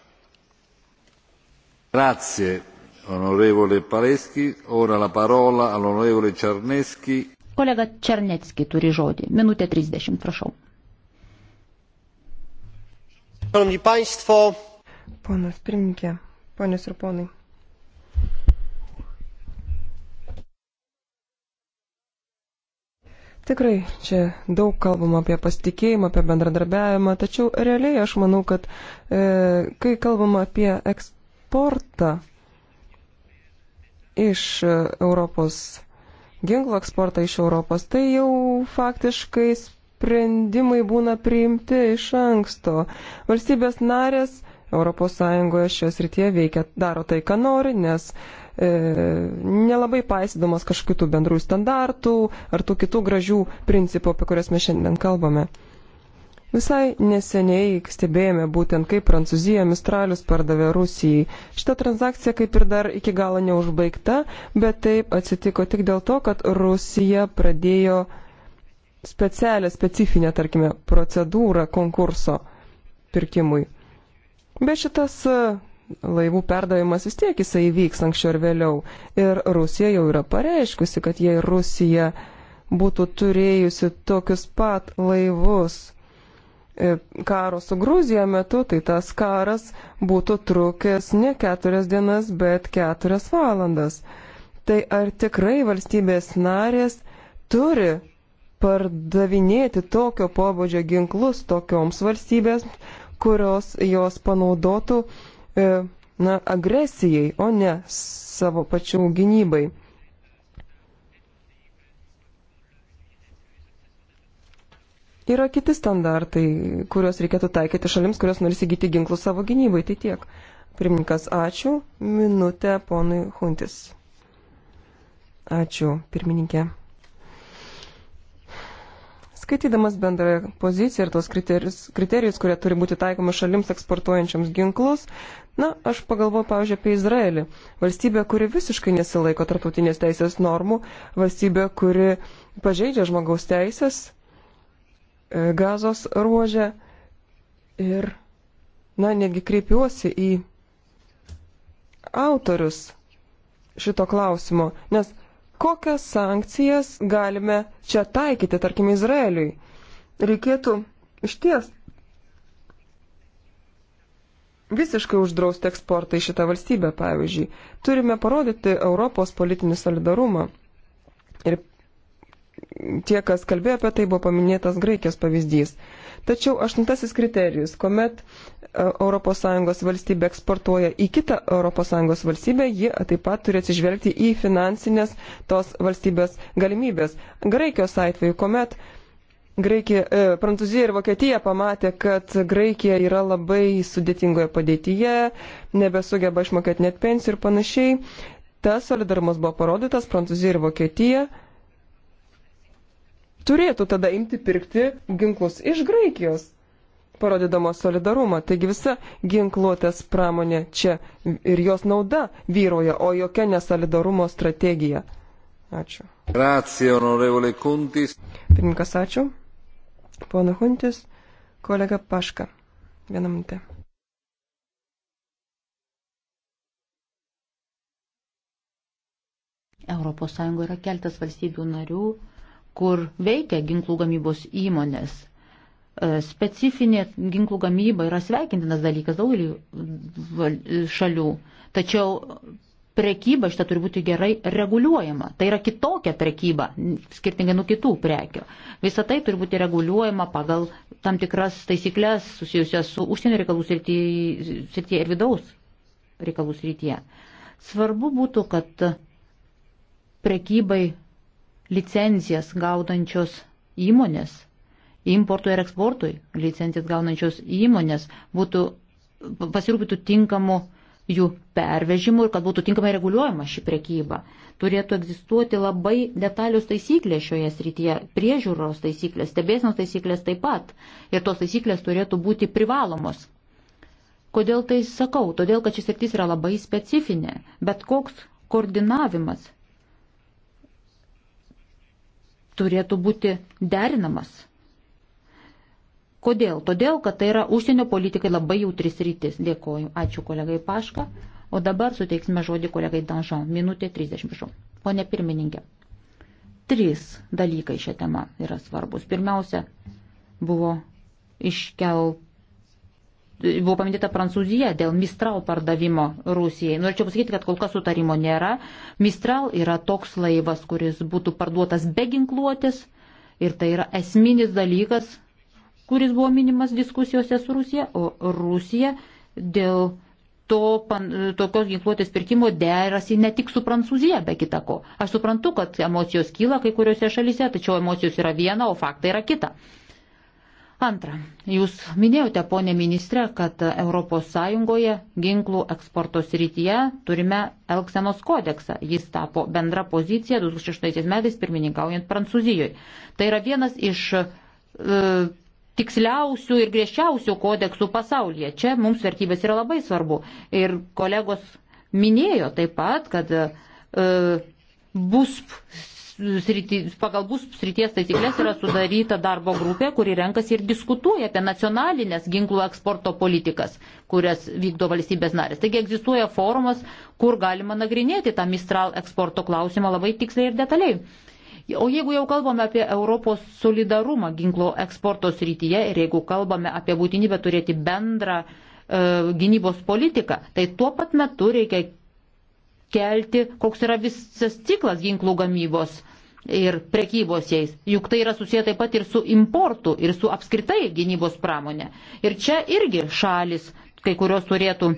Grazie, onorevole Paleski. Ora la parola all'onorevole Czarneski. Kolega Černecki turi žodį. Minutė 30, prašau. Szanowni Państwo. Ponas pirmininkė, ponios ir ponai. Tikrai, čia daug kalbama apie pasitikėjimą, apie bendradarbiavimą, tačiau realiai aš manau, kad e, kai kalbama apie eks, eksportą iš Europos, ginklų eksportą iš Europos, tai jau faktiškai sprendimai būna priimti iš anksto. Valstybės narės ES šios rytie veikia, daro tai, ką nori, nes e, nelabai paisydamas kažkokių bendrų standartų ar tų kitų gražių principų, apie kurias mes šiandien kalbame. Visai neseniai stebėjome būtent, kaip Prancūzija Mistralius pardavė Rusijai. Šita transakcija kaip ir dar iki galo neužbaigta, bet taip atsitiko tik dėl to, kad Rusija pradėjo specialią, specifinę, tarkime, procedūrą konkurso pirkimui. Bet šitas e, laivų perdavimas vis tiek jisai vyks anksčiau ir vėliau. Ir Rusija jau yra pareiškusi, kad jei Rusija būtų turėjusi tokius pat laivus, E, karo su Gruzija metu, tai tas karas būtų trukęs ne keturias dienas, bet keturias valandas. Tai ar tikrai valstybės narės turi pardavinėti tokio pobūdžio ginklus tokioms valstybės, kurios jos panaudotų e, na, agresijai, o ne savo pačių gynybai? Yra kiti standartai, kuriuos reikėtų taikyti šalims, kurios nori įsigyti ginklų savo gynybai. Tai tiek. Pirmininkas, ačiū. Minutė ponui Huntis. Ačiū, pirmininkė. Skaitydamas bendrą poziciją ir tos kriterijus, kriterijus kurie turi būti taikomi šalims eksportuojančiams ginklus, na, aš pagalvoju, pavyzdžiui, apie Izraelį. Valstybė, kuri visiškai nesilaiko tarptautinės teisės normų, valstybė, kuri pažeidžia žmogaus teisės E, gazos ruožę ir, na, netgi kreipiuosi į autorius šito klausimo, nes kokias sankcijas galime čia taikyti, tarkim, Izraeliui? Reikėtų išties visiškai uždrausti eksportą į šitą valstybę, pavyzdžiui. Turime parodyti Europos politinį solidarumą ir tie, kas kalbėjo apie tai, buvo paminėtas Graikijos pavyzdys. Tačiau aštuntasis kriterijus, kuomet ES valstybė eksportuoja į kitą ES valstybę, ji taip pat turi atsižvelgti į finansinės tos valstybės galimybės. Graikijos atveju, kuomet Graikija, e, Prancūzija ir Vokietija pamatė, kad Graikija yra labai sudėtingoje padėtyje, nebesugeba išmokėti net pensijų ir panašiai, tas solidarumas buvo parodytas Prancūzija ir Vokietija turėtų tada imti pirkti ginklus iš Graikijos, parodydamos solidarumą. Taigi visa ginkluotės pramonė čia ir jos nauda vyroja, o jokia nesolidarumo strategija. Ačiū. Grazie, onorevole Kuntis. Pirmininkas, ačiū. Pona Huntis, kolega Paška. Vieną minutę. ES yra keltas valstybių narių, kur veikia ginklų gamybos įmonės. E, specifinė ginklų gamyba yra sveikintinas dalykas daugelį šalių, tačiau prekyba šitą turi būti gerai reguliuojama. Tai yra kitokia prekyba, skirtingai nuo kitų prekių. Visą tai turi būti reguliuojama pagal tam tikras taisyklės susijusias su užsienio reikalų srityje ir vidaus reikalų srityje. Svarbu būtų, kad prekybai licencijas gaudančios įmonės, importui ir eksportui licencijas gaunančios įmonės būtų pasirūpytų tinkamu jų pervežimu ir kad būtų tinkamai reguliuojama ši prekyba. Turėtų egzistuoti labai detalius taisyklės šioje srityje, priežiūros taisyklės, stebėsnos taisyklės taip pat. Ir tos taisyklės turėtų būti privalomos. Kodėl tai sakau? Todėl, kad šis sritis yra labai specifinė, bet koks koordinavimas turėtų būti derinamas. Kodėl? Todėl, kad tai yra užsienio politikai labai jautris rytis. Dėkoju. Ačiū kolegai Paška. O dabar suteiksime žodį kolegai Danžan. Minutė 30. Prašau. Pone pirmininkė. Trys dalykai šią temą yra svarbus. Pirmiausia, buvo iškelt buvo paminėta Prancūzija dėl Mistral pardavimo Rusijai. Norėčiau pasakyti, kad kol kas sutarimo nėra. Mistral yra toks laivas, kuris būtų parduotas be ginkluotės ir tai yra esminis dalykas, kuris buvo minimas diskusijose su Rusija, o Rusija dėl to, pan, tokios ginkluotės pirkimo derasi ne tik su Prancūzija, be kita ko. Aš suprantu, kad emocijos kyla kai kuriuose šalyse, tačiau emocijos yra viena, o faktai yra kita. Antra, jūs minėjote, ponė ministrė, kad ES ginklų eksporto srityje turime Elksenos kodeksą. Jis tapo bendra pozicija 2006 metais pirmininkaujant Prancūzijoje. Tai yra vienas iš e, tiksliausių ir griežčiausių kodeksų pasaulyje. Čia mums vertybės yra labai svarbu. Ir kolegos minėjo taip pat, kad e, bus srity, pagal bus srities taisyklės yra sudaryta darbo grupė, kuri renkasi ir diskutuoja apie nacionalinės ginklų eksporto politikas, kurias vykdo valstybės narės. Taigi egzistuoja forumas, kur galima nagrinėti tą Mistral eksporto klausimą labai tiksliai ir detaliai. O jeigu jau kalbame apie Europos solidarumą ginklo eksporto srityje ir jeigu kalbame apie būtinybę turėti bendrą e, gynybos politiką, tai tuo pat metu reikia kelti, koks yra visas ciklas ginklų gamybos ir prekybos jais. Juk tai yra susiję taip pat ir su importu, ir su apskritai gynybos pramonė. Ir čia irgi šalis, kai kurios turėtų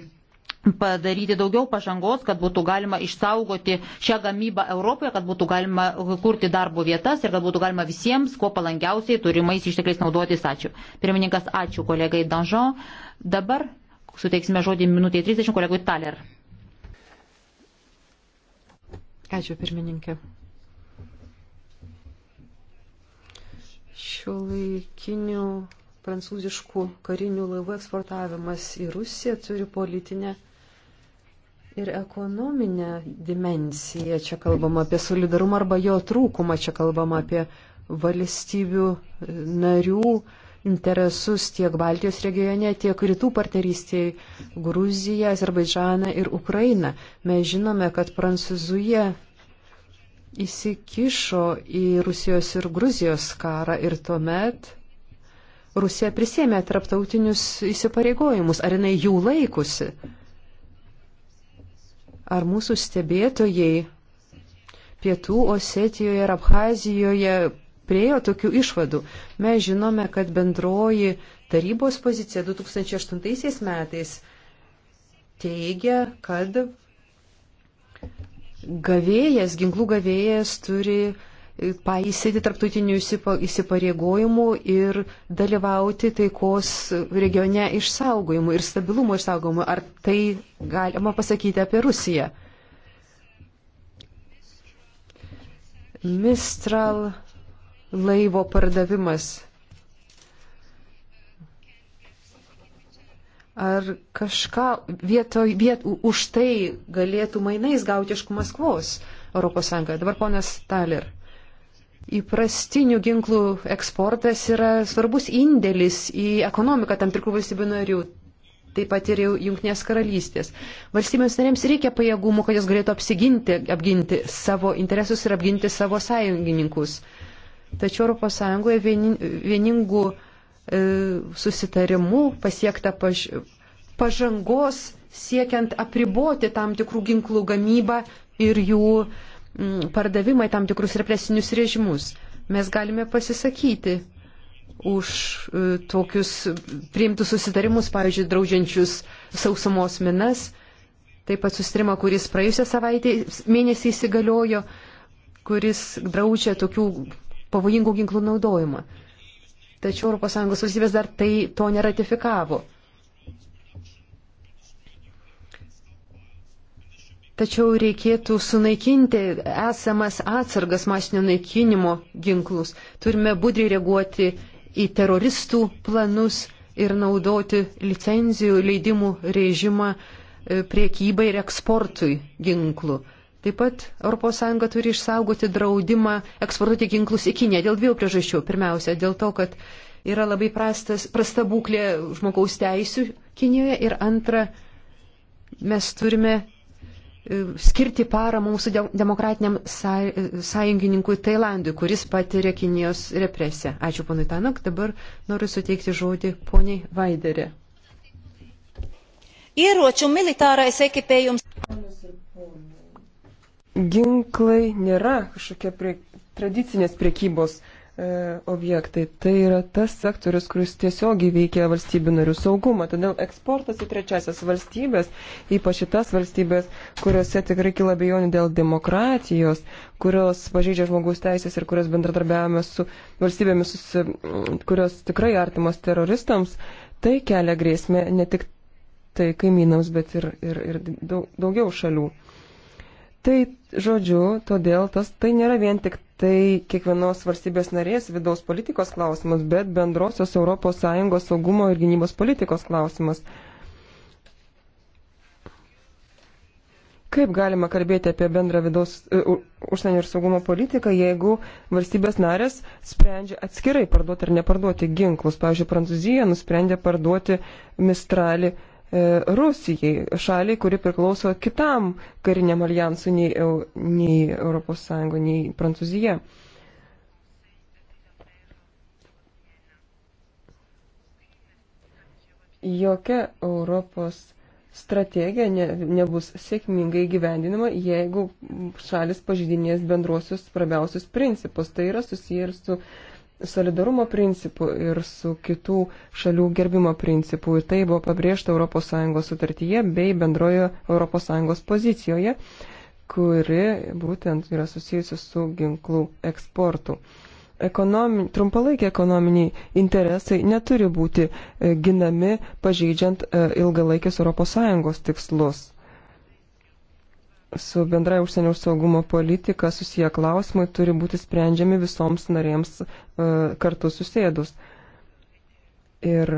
padaryti daugiau pažangos, kad būtų galima išsaugoti šią gamybą Europoje, kad būtų galima kurti darbo vietas ir kad būtų galima visiems, kuo palankiausiai turimais ištekliais naudotis. Ačiū. Pirmininkas, ačiū kolegai Danžon. Dabar suteiksime žodį minutė 30 kolegui Taler. Ačiū pirmininkė. Šio laikinių prancūziškų karinių laivų eksportavimas į Rusiją turi politinę ir ekonominę dimensiją. Čia kalbama apie solidarumą arba jo trūkumą, čia kalbama apie valstybių narių interesus tiek Baltijos regione, tiek rytų partnerystėje - Gruziją, Azerbaidžaną ir Ukrainą. Mes žinome, kad Prancūzija įsikišo į Rusijos ir Gruzijos karą ir tuomet Rusija prisėmė traptautinius įsipareigojimus. Ar jinai jų laikusi? Ar mūsų stebėtojai pietų Osetijoje ir Abhazijoje priejo tokių išvadų. Mes žinome, kad bendroji tarybos pozicija 2008 metais teigia, kad gavėjas, ginklų gavėjas turi paisyti tarptautinių įsipareigojimų ir dalyvauti taikos regione išsaugojimu ir stabilumo išsaugojimu. Ar tai galima pasakyti apie Rusiją? Mistral laivo pardavimas. Ar kažką vietoj, viet, už tai galėtų mainais gauti iš Maskvos ES? Dabar ponas Taler. Įprastinių ginklų eksportas yra svarbus indėlis į ekonomiką tam tikrų valstybių narių, taip pat ir Junktinės karalystės. Valstybėms narėms reikia pajėgumų, kad jos galėtų apsiginti, apginti savo interesus ir apginti savo sąjungininkus. Tačiau ES vieningų e, susitarimų pasiekta paž pažangos siekiant apriboti tam tikrų ginklų gamybą ir jų mm, pardavimą į tam tikrus represinius režimus. Mes galime pasisakyti už e, tokius priimtus susitarimus, pavyzdžiui, draudžiančius sausumos minas, taip pat susitarimą, kuris praėjusią savaitę mėnesį įsigaliojo, kuris draudžia tokių pavojingų ginklų naudojimą. Tačiau ES valstybės dar tai to neratifikavo. Tačiau reikėtų sunaikinti esamas atsargas masinio naikinimo ginklus. Turime budriai reaguoti į teroristų planus ir naudoti licenzijų leidimų režimą e, priekybai ir eksportui ginklų. Taip pat ES turi išsaugoti draudimą eksportuoti ginklus į Kiniją dėl dviejų priežasčių. Pirmiausia, dėl to, kad yra labai prastas, prasta būklė žmogaus teisų Kinijoje. Ir antra, mes turime e, skirti paramą mūsų demokratiniam sąjungininkui Tailandui, kuris patiria Kinijos represiją. Ačiū ponui Tanok, dabar noriu suteikti žodį poniai Vaiderė. Ieročių militarais ekipėjums. Ponius ir ponus ginklai nėra kažkokie prie, tradicinės priekybos e, objektai. Tai yra tas sektorius, kuris tiesiogiai veikia valstybių narių saugumą. Todėl eksportas į trečiasias valstybės, ypač į tas valstybės, kuriuose tikrai kila bejonių dėl demokratijos, kurios pažeidžia žmogaus teisės ir kurios bendradarbiavame su valstybėmis, susi, kurios tikrai artimos teroristams, tai kelia grėsmę ne tik tai kaimynams, bet ir, ir, ir daug, daugiau šalių. Tai, žodžiu, todėl tas, tai nėra vien tik tai kiekvienos valstybės narės vidaus politikos klausimas, bet bendrosios ES saugumo ir gynybos politikos klausimas. Kaip galima kalbėti apie bendrą vidaus uh, užsienio ir saugumo politiką, jeigu valstybės narės sprendžia atskirai parduoti ar neparduoti ginklus? Pavyzdžiui, Prancūzija nusprendė parduoti Mistralį E, Rusijai, šaliai, kuri priklauso kitam kariniam alijansui nei, nei ES, nei Prancūzija. Jokia Europos strategija ne, nebus sėkmingai gyvendinama, jeigu šalis pažydinės bendruosius svarbiausius principus. Tai yra susiję ir su uh, solidarumo principu ir su kitų šalių gerbimo principu. Ir tai buvo pabrėžta ES sutartyje bei bendrojo ES pozicijoje, kuri būtent yra susijusi su ginklų eksportu. Ekonomi, trumpalaikiai ekonominiai interesai neturi būti e, ginami pažeidžiant e, ilgalaikius ES tikslus su bendrai užsienio saugumo politika susiję klausimai turi būti sprendžiami visoms narėms e, kartu susėdus. Ir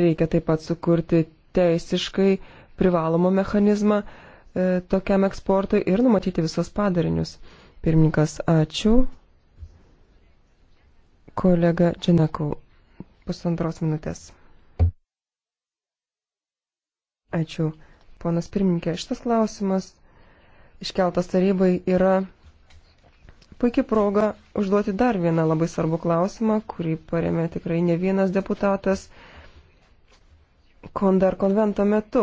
reikia taip pat sukurti teisiškai privalomo mechanizmą e, tokiam eksportui ir numatyti visos padarinius. Pirmininkas, ačiū. Kolega Čenekau, pusantros minutės. Ačiū ponas pirmininkė, šitas klausimas iškeltas tarybai yra puikia proga užduoti dar vieną labai svarbų klausimą, kurį paremė tikrai ne vienas deputatas Kondar konvento metu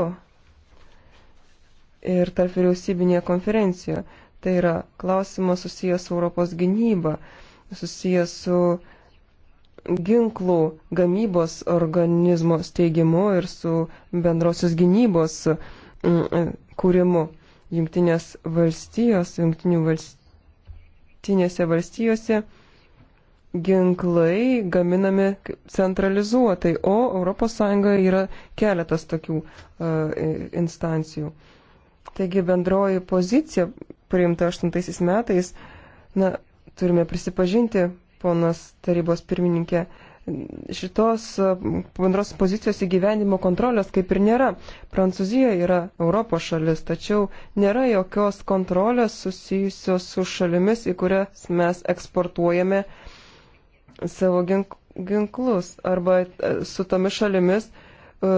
ir tarp vyriausybinėje konferencijoje. Tai yra klausimas susijęs su Europos gynyba, susijęs su ginklų gamybos organizmo steigimu ir su bendrosios gynybos uh, Mm, e, kūrimu. Junktinės valstijos, jungtinių valstinėse valstijose ginklai gaminami centralizuotai, o ES yra keletas tokių uh, instancijų. Taigi bendroji pozicija priimta 8 metais, na, turime prisipažinti, ponas tarybos pirmininkė, uh, šitos e, bendros pozicijos įgyvenimo kontrolės kaip ir nėra. Prancūzija yra Europos šalis, tačiau nėra jokios kontrolės susijusios su šalimis, į kurias mes eksportuojame savo ginklus arba e, su tomis šalimis, e,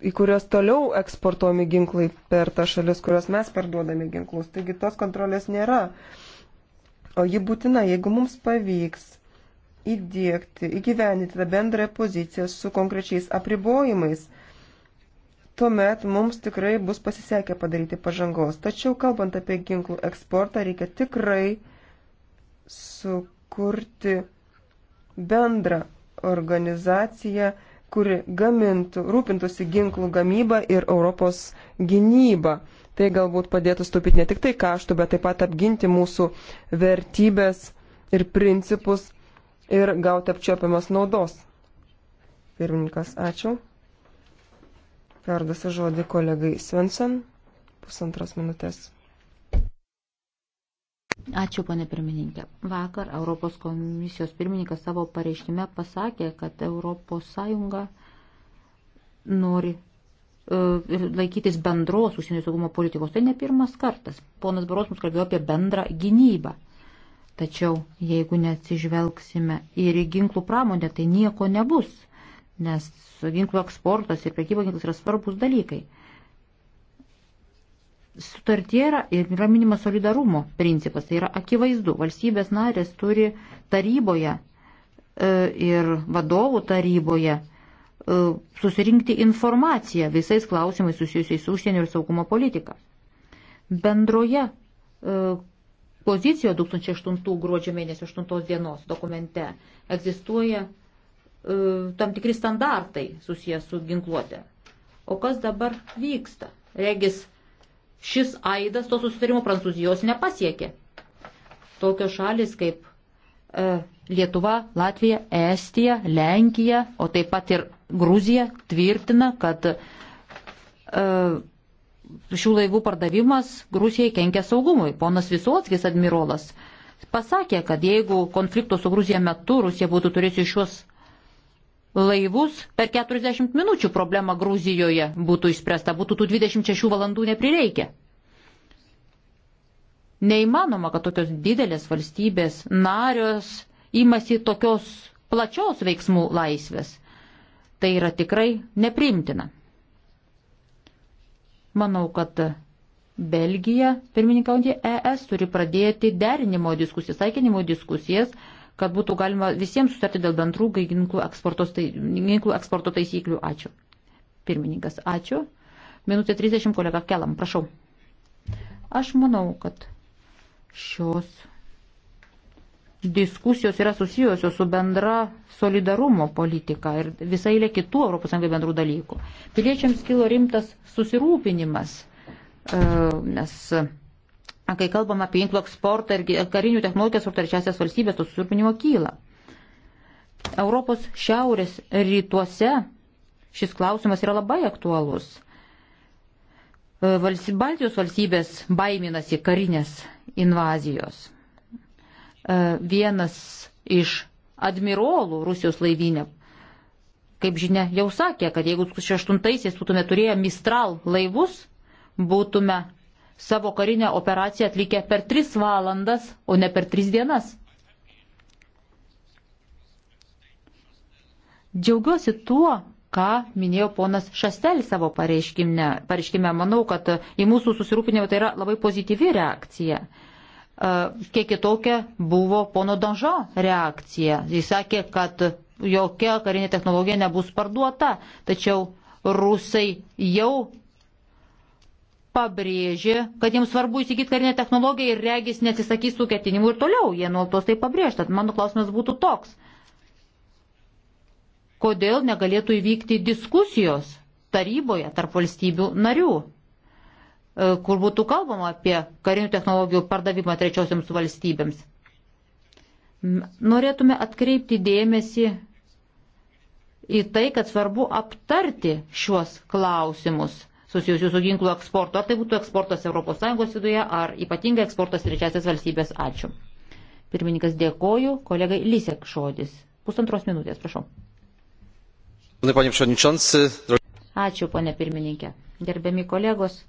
į kurias toliau eksportuomi ginklai per tą šalis, kurios mes parduodame ginklus. Taigi tos kontrolės nėra. O ji būtina, jeigu mums pavyks įdėkti, įgyveninti tą bendrą poziciją su konkrečiais apribojimais, tuomet mums tikrai bus pasisekę padaryti pažangos. Tačiau, kalbant apie ginklų eksportą, reikia tikrai sukurti bendrą organizaciją, kuri gamintų, rūpintųsi ginklų gamybą ir Europos gynybą. Tai galbūt padėtų stupyti ne tik tai kaštų, bet taip pat apginti mūsų vertybės ir principus ir gauti apčiopiamas naudos. Pirmininkas, ačiū. Perduosiu žodį kolegai Svensson. Pusantros minutės. Ačiū, ponė pirmininkė. Vakar Europos komisijos pirmininkas savo pareiškime pasakė, kad ES nori uh, laikytis bendros užsienio saugumo politikos. Tai ne pirmas kartas. Ponas Baros mums kalbėjo apie bendrą gynybą. Uh, Tačiau jeigu neatsižvelgsime ir į ginklų pramonę, tai nieko nebus, nes ginklų eksportas ir prekyba ginklas yra svarbus dalykai. Sutartie yra, yra minimas solidarumo principas, tai yra akivaizdu, valstybės narės turi taryboje e, ir vadovų taryboje e, susirinkti informaciją visais klausimais susijusiais su užsienio ir saugumo politika. Bendroje e, pozicijoje 2008 gruodžio mėnesio 8 dienos dokumente egzistuoja e, tam tikri standartai susijęs su ginkluotė. O kas dabar vyksta? Regis, šis aidas to susitarimo Prancūzijos nepasiekė. Tokios šalis kaip e, Lietuva, Latvija, Estija, Lenkija, o taip pat ir Gruzija tvirtina, kad e, šių laivų pardavimas Grūsijai kenkia saugumui. Ponas Visuotskis admirolas pasakė, kad jeigu konflikto su Grūzija metu Rusija būtų turėjusi šios laivus, per 40 minučių problema Grūzijoje būtų išspręsta, būtų tų 26 valandų neprireikę. Neįmanoma, kad tokios didelės valstybės narios imasi tokios plačios veiksmų laisvės. Tai yra tikrai neprimtina. Manau, kad Belgija, pirmininkaujantį ES, turi pradėti derinimo diskusijas, taikinimo diskusijas, kad būtų galima visiems sutarti dėl bendrų ginklų, tai, ginklų eksporto taisyklių. Ačiū. Pirmininkas, ačiū. Minutė 30, kolega Kelam, prašau. Aš manau, kad šios diskusijos yra susijusios su bendra solidarumo politika ir visai lė kitų ES bendrų dalykų. Piliečiams kilo rimtas susirūpinimas, e, nes e, kai kalbam apie inklo eksportą ir karinių technologijos ir trečiasias valstybės, to susirūpinimo kyla. Europos šiaurės rytuose šis klausimas yra labai aktualus. E, Baltijos valstybės baiminasi karinės invazijos. E, vienas iš admirolų Rusijos laivynė, kaip žinia, jau sakė, kad jeigu 2008-aisiais būtume turėję Mistral laivus, būtume savo karinę operaciją atlikę per 3 valandas, o ne per 3 dienas. Džiaugiuosi tuo, ką minėjo ponas Šastel savo pareiškime. pareiškime. Manau, kad į mūsų susirūpinimą tai yra labai pozityvi reakcija kiek kitokia buvo pono Danžo reakcija. Jis sakė, kad jokia karinė technologija nebus parduota, tačiau rusai jau pabrėžė, kad jiems svarbu įsigyti karinę technologiją ir regis nesisakys tų ketinimų ir toliau. Jie nuolatos tai pabrėžta. Mano klausimas būtų toks. Kodėl negalėtų įvykti diskusijos taryboje tarp valstybių narių? E, kur būtų kalbama apie karinių technologijų pardavimą trečiosiams valstybėms. Norėtume atkreipti dėmesį į tai, kad svarbu aptarti šiuos klausimus susijusius su ginklų eksportu, ar tai būtų eksportas ES viduje, ar ypatingai eksportas trečiasias valstybės. Ačiū. Pirmininkas dėkoju, kolegai Lisek Šodis. Pusantros minutės, prašau. Ačiū, ponė pirmininkė. Gerbiami kolegos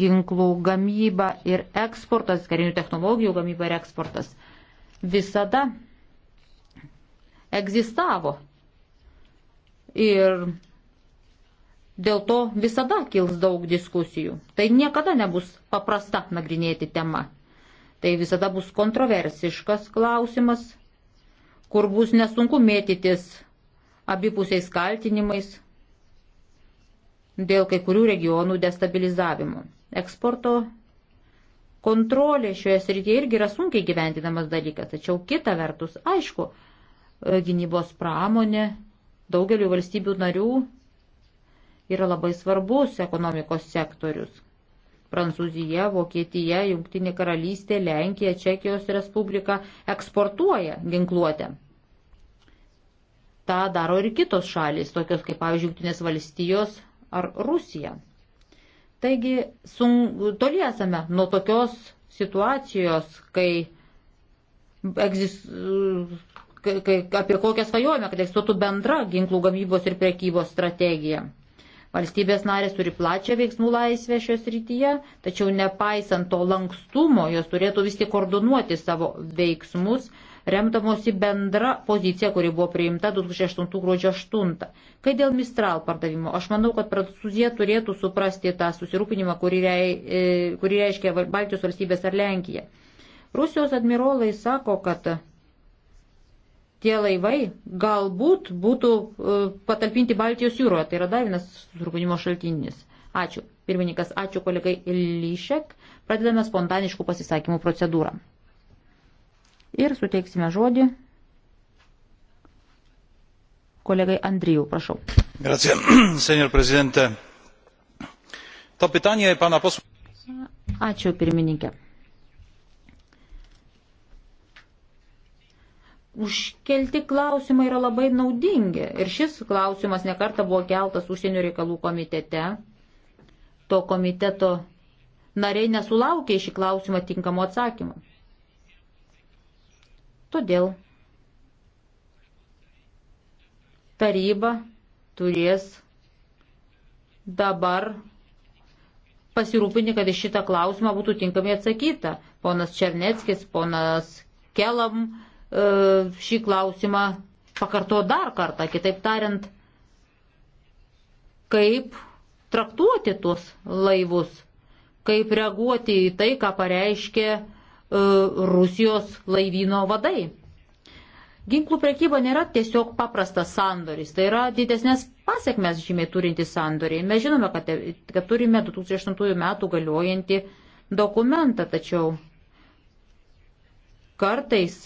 ginklų gamyba ir eksportas, karinių technologijų gamyba ir eksportas visada egzistavo. Ir dėl to visada kils daug diskusijų. Tai niekada nebus paprasta nagrinėti tema. Tai visada bus kontroversiškas klausimas, kur bus nesunku mėtytis abipusiais kaltinimais, dėl kai kurių regionų destabilizavimo. Eksporto kontrolė šioje srityje irgi yra sunkiai gyventinamas dalykas, tačiau kita vertus, aišku, e, gynybos pramonė daugeliu valstybių narių yra labai svarbus ekonomikos sektorius. Prancūzija, Vokietija, Junktinė karalystė, Lenkija, Čekijos Respublika eksportuoja ginkluotę. Ta daro ir kitos šalis, tokios kaip, pavyzdžiui, Junktinės valstijos ar Rusija. Taigi sun, toli esame nuo tokios situacijos, kai, egzis, kai, kai apie kokią svajojame, kad egzistuotų bendra ginklų gamybos ir prekybos strategija. Valstybės narės turi plačią veiksmų laisvę šios rytyje, tačiau nepaisant to lankstumo, jos turėtų vis tik koordinuoti savo veiksmus remdamosi bendra pozicija, kuri buvo priimta 2008 gruodžio 8. Kai dėl Mistral pardavimo, aš manau, kad Prancūzija turėtų suprasti tą susirūpinimą, kurį, rei, e, kurį reiškia Baltijos valstybės ar Lenkija. Rusijos admirolai sako, kad tie laivai galbūt būtų e, patalpinti Baltijos jūroje. Tai yra dar vienas susirūpinimo šaltinis. Ačiū. Pirmininkas, ačiū kolegai Lyšek. Pradedame spontaniškų pasisakymų procedūrą ir suteiksime žodį kolegai Andriju, prašau. Grazie, senior prezidente. To pytanie pana posła. Ačiū pirmininkė. Užkelti klausimai yra labai naudingi ir šis klausimas nekarta buvo keltas užsienio reikalų komitete. To komiteto nariai nesulaukė šį klausimą tinkamo atsakymą. Todėl taryba turės dabar pasirūpinti, kad į šitą klausimą būtų tinkamai atsakyta. Ponas Černeckis, ponas Kelam e, šį klausimą pakarto dar kartą. Kitaip tariant, kaip traktuoti tuos laivus, kaip reaguoti į tai, ką pareiškė E, Rusijos laivyno vadai. Ginklų prekyba nėra tiesiog paprastas sandoris, tai yra didesnės pasiekmes žymiai turinti sandoriai. Mes žinome, kad, kad turime 2008 metų galiojantį dokumentą, tačiau kartais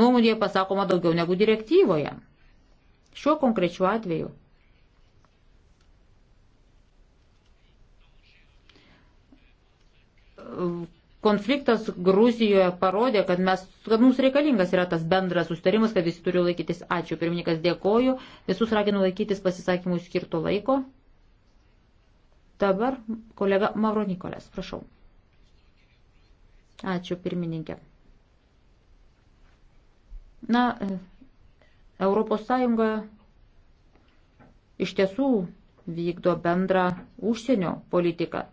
nuomonėje pasakoma daugiau negu direktyvoje. Šiuo konkrečiu atveju konfliktas Gruzijoje parodė, kad, mes, kad mums reikalingas yra tas bendras sustarimas, kad visi turi laikytis. Ačiū, pirmininkas, dėkoju. Visus raginu laikytis pasisakymų skirto laiko. Dabar kolega Mauro Nikolės, prašau. Ačiū, pirmininkė. Na, Europos Sąjunga iš tiesų vykdo bendrą užsienio politiką.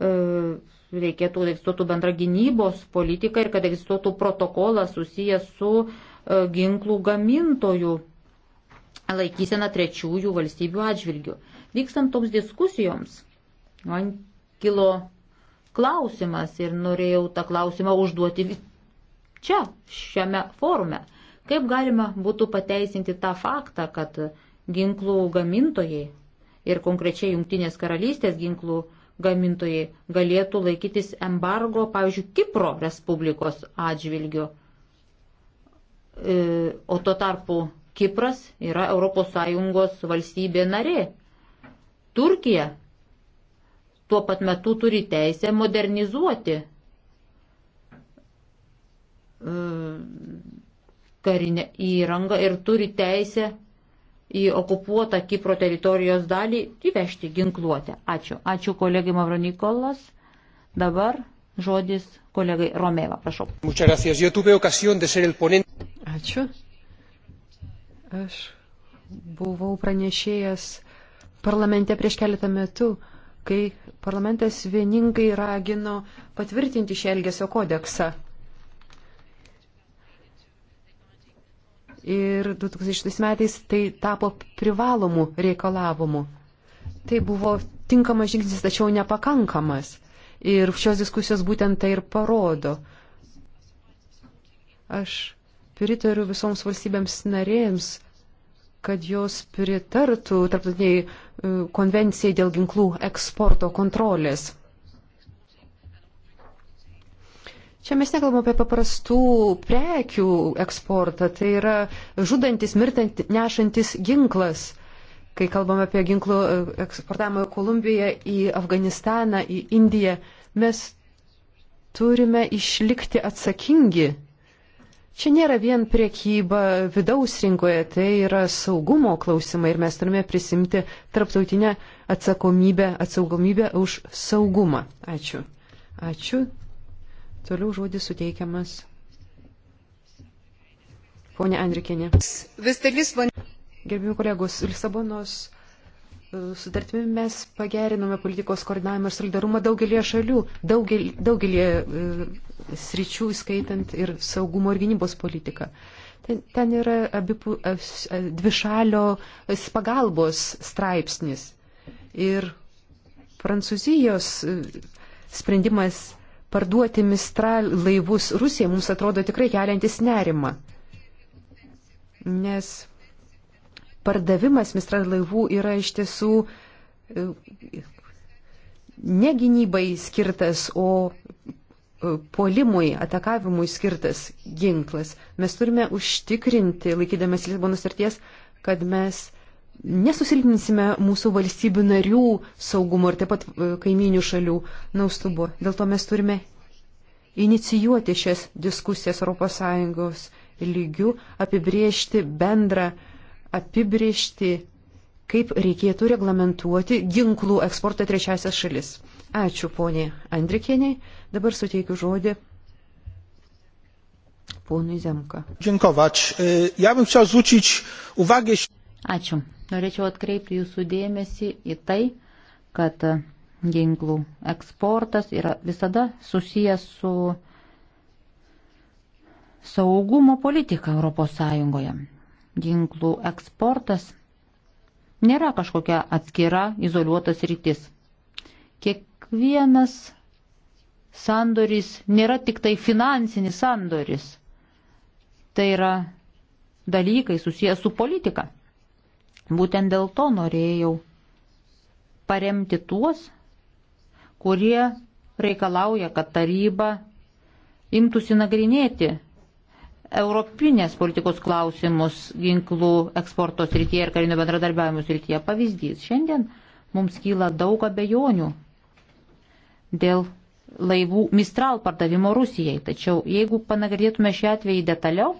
E, reikėtų egzistuotų bendra gynybos politika ir kad egzistuotų protokolas susijęs su e, ginklų gamintojų laikysena trečiųjų valstybių atžvilgių. Vykstant toms diskusijoms, man kilo klausimas ir norėjau tą klausimą užduoti čia, šiame forume. Kaip galima būtų pateisinti tą faktą, kad ginklų gamintojai ir konkrečiai Junktinės karalystės ginklų gamintojai gamintojai galėtų laikytis embargo, pavyzdžiui, Kipro Respublikos atžvilgiu. E, o tuo tarpu Kipras yra ES valstybė narė. Turkija tuo pat metu turi teisę modernizuoti e, karinę įrangą ir turi teisę į okupuotą Kipro teritorijos dalį įvežti ginkluotę. Ačiū. Ačiū kolegai Mavronikolas. Dabar žodis kolegai Romeva, prašau. Ačiū. Aš buvau pranešėjęs parlamente prieš keletą metų, kai parlamentas vieningai ragino patvirtinti šį Elgesio kodeksą. ir 2006 metais tai tapo privalomų reikalavimų. Tai buvo tinkamas žingsnis, tačiau nepakankamas. Ir šios diskusijos būtent tai ir parodo. Aš pritariu visoms valstybėms narėms, kad jos pritartų tarptautiniai e, konvencijai dėl ginklų eksporto kontrolės. Čia mes nekalbame apie paprastų prekių eksportą, tai yra žudantis, mirtantis, nešantis ginklas. Kai kalbame apie ginklų e, eksportavimą į Kolumbiją, į Afganistaną, į Indiją, mes turime išlikti atsakingi. Čia nėra vien priekyba vidaus rinkoje, tai yra saugumo klausimai ir mes turime prisimti tarptautinę atsakomybę, atsakomybę už saugumą. Ačiū. Ačiū. Toliau žodis suteikiamas. Pone Andrikinė. Gerbimi kolegos, Lisabonos e, sutartimi mes pagerinome politikos koordinavimą ir solidarumą daugelie šalių, daugelie, daugelie sričių, skaitant ir saugumo ir gynybos politiką. Ten, ten yra abipu, dvišalio pagalbos straipsnis. Ir Prancūzijos e, sprendimas parduoti Mistral laivus Rusijai mums atrodo tikrai keliantis nerimą. Nes pardavimas Mistral laivų yra iš tiesų e, ne gynybai skirtas, o e, puolimui, atakavimui skirtas ginklas. Mes turime užtikrinti, laikydamas Lisbonos sarties, kad mes nesusilpinsime mūsų valstybių narių saugumo ir taip pat e, kaiminių šalių naustubo. Dėl to mes turime inicijuoti šias diskusijas ES lygių, apibriežti bendrą, apibriežti, kaip reikėtų reglamentuoti ginklų eksportą trečiasias šalis. Ačiū poniai Andrikieniai. Dabar suteikiu žodį ponui Zemka. Dziękować. E, ja bym chciał zwrócić uwagę. Ačiū. Norėčiau atkreipti jūsų dėmesį į tai, kad ginklų eksportas yra visada susijęs su saugumo politika ES. Ginklų eksportas nėra kažkokia atskira izoliuotas rytis. Kiekvienas sandoris nėra tik tai finansinis sandoris. Tai yra dalykai susijęs su politika. Būtent dėl to norėjau paremti tuos, kurie reikalauja, kad taryba imtųsi nagrinėti europinės politikos klausimus ginklų eksporto srityje ir karinio bendradarbiavimo srityje. Pavyzdys, šiandien mums kyla daug abejonių dėl laivų Mistral pardavimo Rusijai. Tačiau jeigu panagrinėtume šį atvejį detaliau,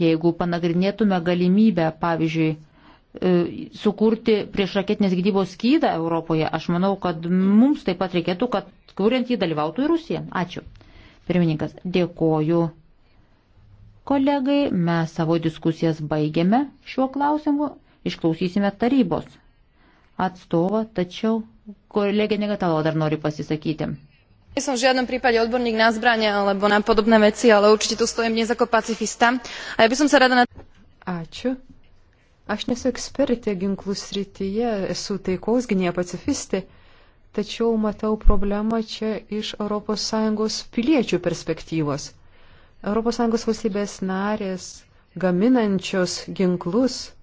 Jeigu panagrinėtume galimybę, pavyzdžiui, e, sukurti priešraketinės gydybos skydą Europoje, aš manau, kad mums taip pat reikėtų, kad kuriant jį dalyvautų ir Rusija. Ačiū. Pirmininkas, dėkoju kolegai, mes savo diskusijas baigėme šiuo klausimu, išklausysime tarybos atstovą, tačiau kolegė Negatalo dar nori pasisakyti nie som v žiadnom prípade odborník na zbrane alebo na podobné veci, ale určite tu stojím dnes ako pacifista. A ja by som sa rada na... Ačiū. Aš nesu ekspertė ginklų srityje, esu taikos gynėja pacifistė, tačiau matau problemą čia iš ES piliečių perspektyvos. ES valstybės narės, gaminančios ginklus,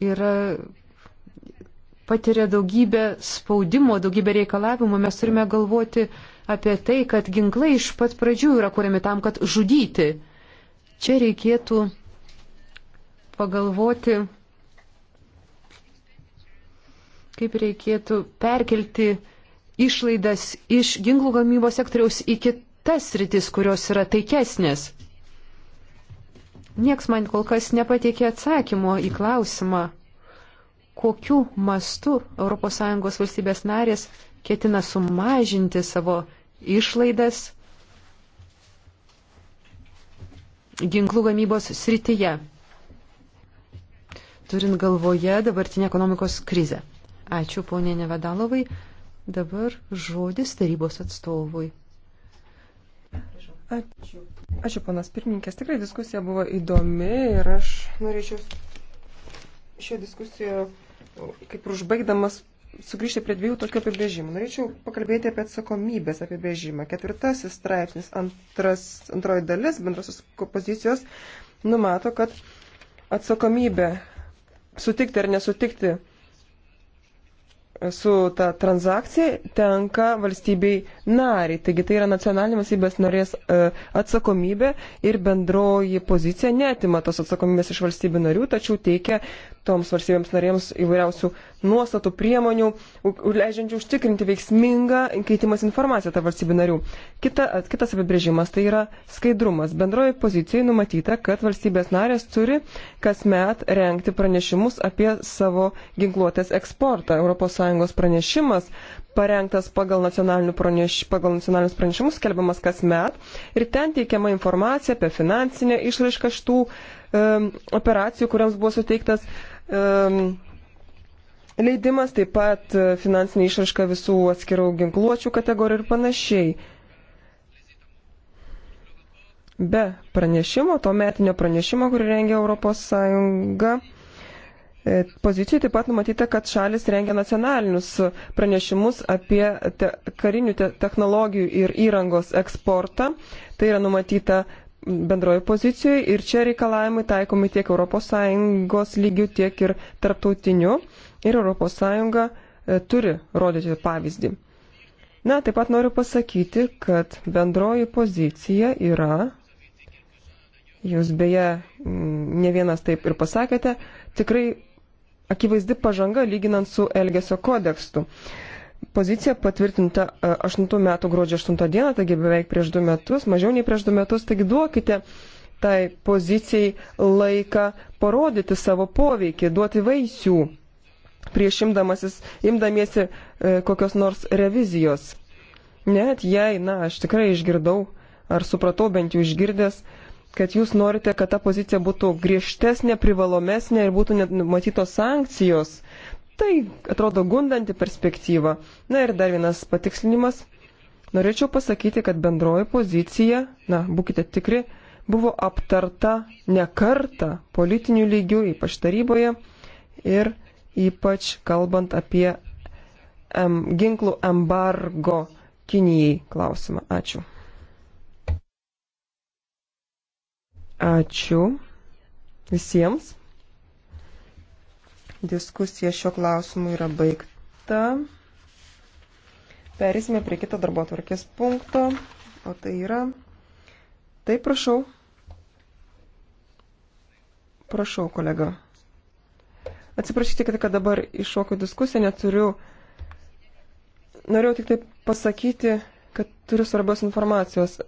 yra patiria daugybę spaudimo, daugybę reikalavimų, mes turime galvoti apie tai, kad ginklai iš pat pradžių yra kuriami tam, kad žudyti. Čia reikėtų pagalvoti, kaip reikėtų perkelti išlaidas iš ginklų gamybos sektoriaus į kitas rytis, kurios yra taikesnės. Niekas man kol kas nepateikė atsakymo į klausimą, kokiu mastu ES valstybės narės ketina sumažinti savo išlaidas ginklų gamybos srityje, turint galvoje dabartinę ekonomikos krizę. Ačiū, ponė Nevedalovai. Dabar žodis tarybos atstovui. Ačiū. Ačiū, ponas pirmininkės. Tikrai diskusija buvo įdomi ir aš norėčiau šio diskusijoje kaip ir užbaigdamas sugrįžti prie dviejų tokių apibrėžimų. Norėčiau pakalbėti apie atsakomybės apibrėžimą. Ketvirtasis straipsnis, antras, antroji dalis bendrosios pozicijos numato, kad atsakomybė sutikti ar nesutikti su ta transakcija tenka valstybei nariai. Taigi tai yra nacionalinė valstybės norės e, atsakomybė ir bendroji pozicija netima tos atsakomybės iš valstybių narių, tačiau teikia toms valstybėms narėms įvairiausių nuostatų, priemonių, leidžiančių užtikrinti veiksmingą keitimas informaciją tarp valstybių narių. Kita, kitas apibrėžimas tai yra skaidrumas. Bendroje pozicijoje numatyta, kad valstybės narės turi kasmet renkti pranešimus apie savo ginkluotės eksportą. ES pranešimas parengtas pagal, nacionalinių praneš, pagal nacionalinius pranešimus, skelbiamas kasmet ir ten teikiama informacija apie finansinę išraišką šitų e, operacijų, kuriams buvo suteiktas leidimas, taip pat e, finansinė išraška visų atskirų ginkluočių kategorijų ir panašiai. Be pranešimo, to metinio pranešimo, kurį rengia ES, e, pozicijų taip pat numatyta, kad šalis rengia nacionalinius pranešimus apie te karinių te technologijų ir įrangos eksportą. Tai yra numatyta bendroje pozicijoje ir čia reikalavimai taikomi tiek ES lygių, tiek ir tarptautiniu ir ES e, turi rodyti pavyzdį. Na, taip pat noriu pasakyti, kad bendroji pozicija yra, jūs beje mm, ne vienas taip ir pasakėte, tikrai akivaizdi pažanga lyginant su Elgesio kodekstu. Uh, pozicija patvirtinta 8 e, metų gruodžio 8 dieną, taigi beveik prieš 2 metus, mažiau nei prieš 2 metus, taigi duokite tai pozicijai laiką parodyti savo poveikį, duoti vaisių prieš imdamiesi e, kokios nors revizijos. Net jei, na, aš tikrai išgirdau, ar supratau bent jau išgirdęs, kad jūs norite, kad ta pozicija būtų griežtesnė, privalomesnė ir būtų net matytos sankcijos Tai atrodo gundanti perspektyva. Na ir dar vienas patikslinimas. Norėčiau pasakyti, kad bendroji pozicija, na, būkite tikri, buvo aptarta ne kartą politinių lygių, ypač taryboje ir ypač kalbant apie em, ginklų embargo Kinijai klausimą. Ačiū. Ačiū visiems. Diskusija šio klausimu yra baigta. Perėsime prie kito darbo tvarkės punkto, o tai yra. Taip, prašau. Prašau, kolega. Atsiprašykite, kad dabar iššokiu diskusiją, neturiu. Norėjau tik tai pasakyti, kad turiu svarbios informacijos.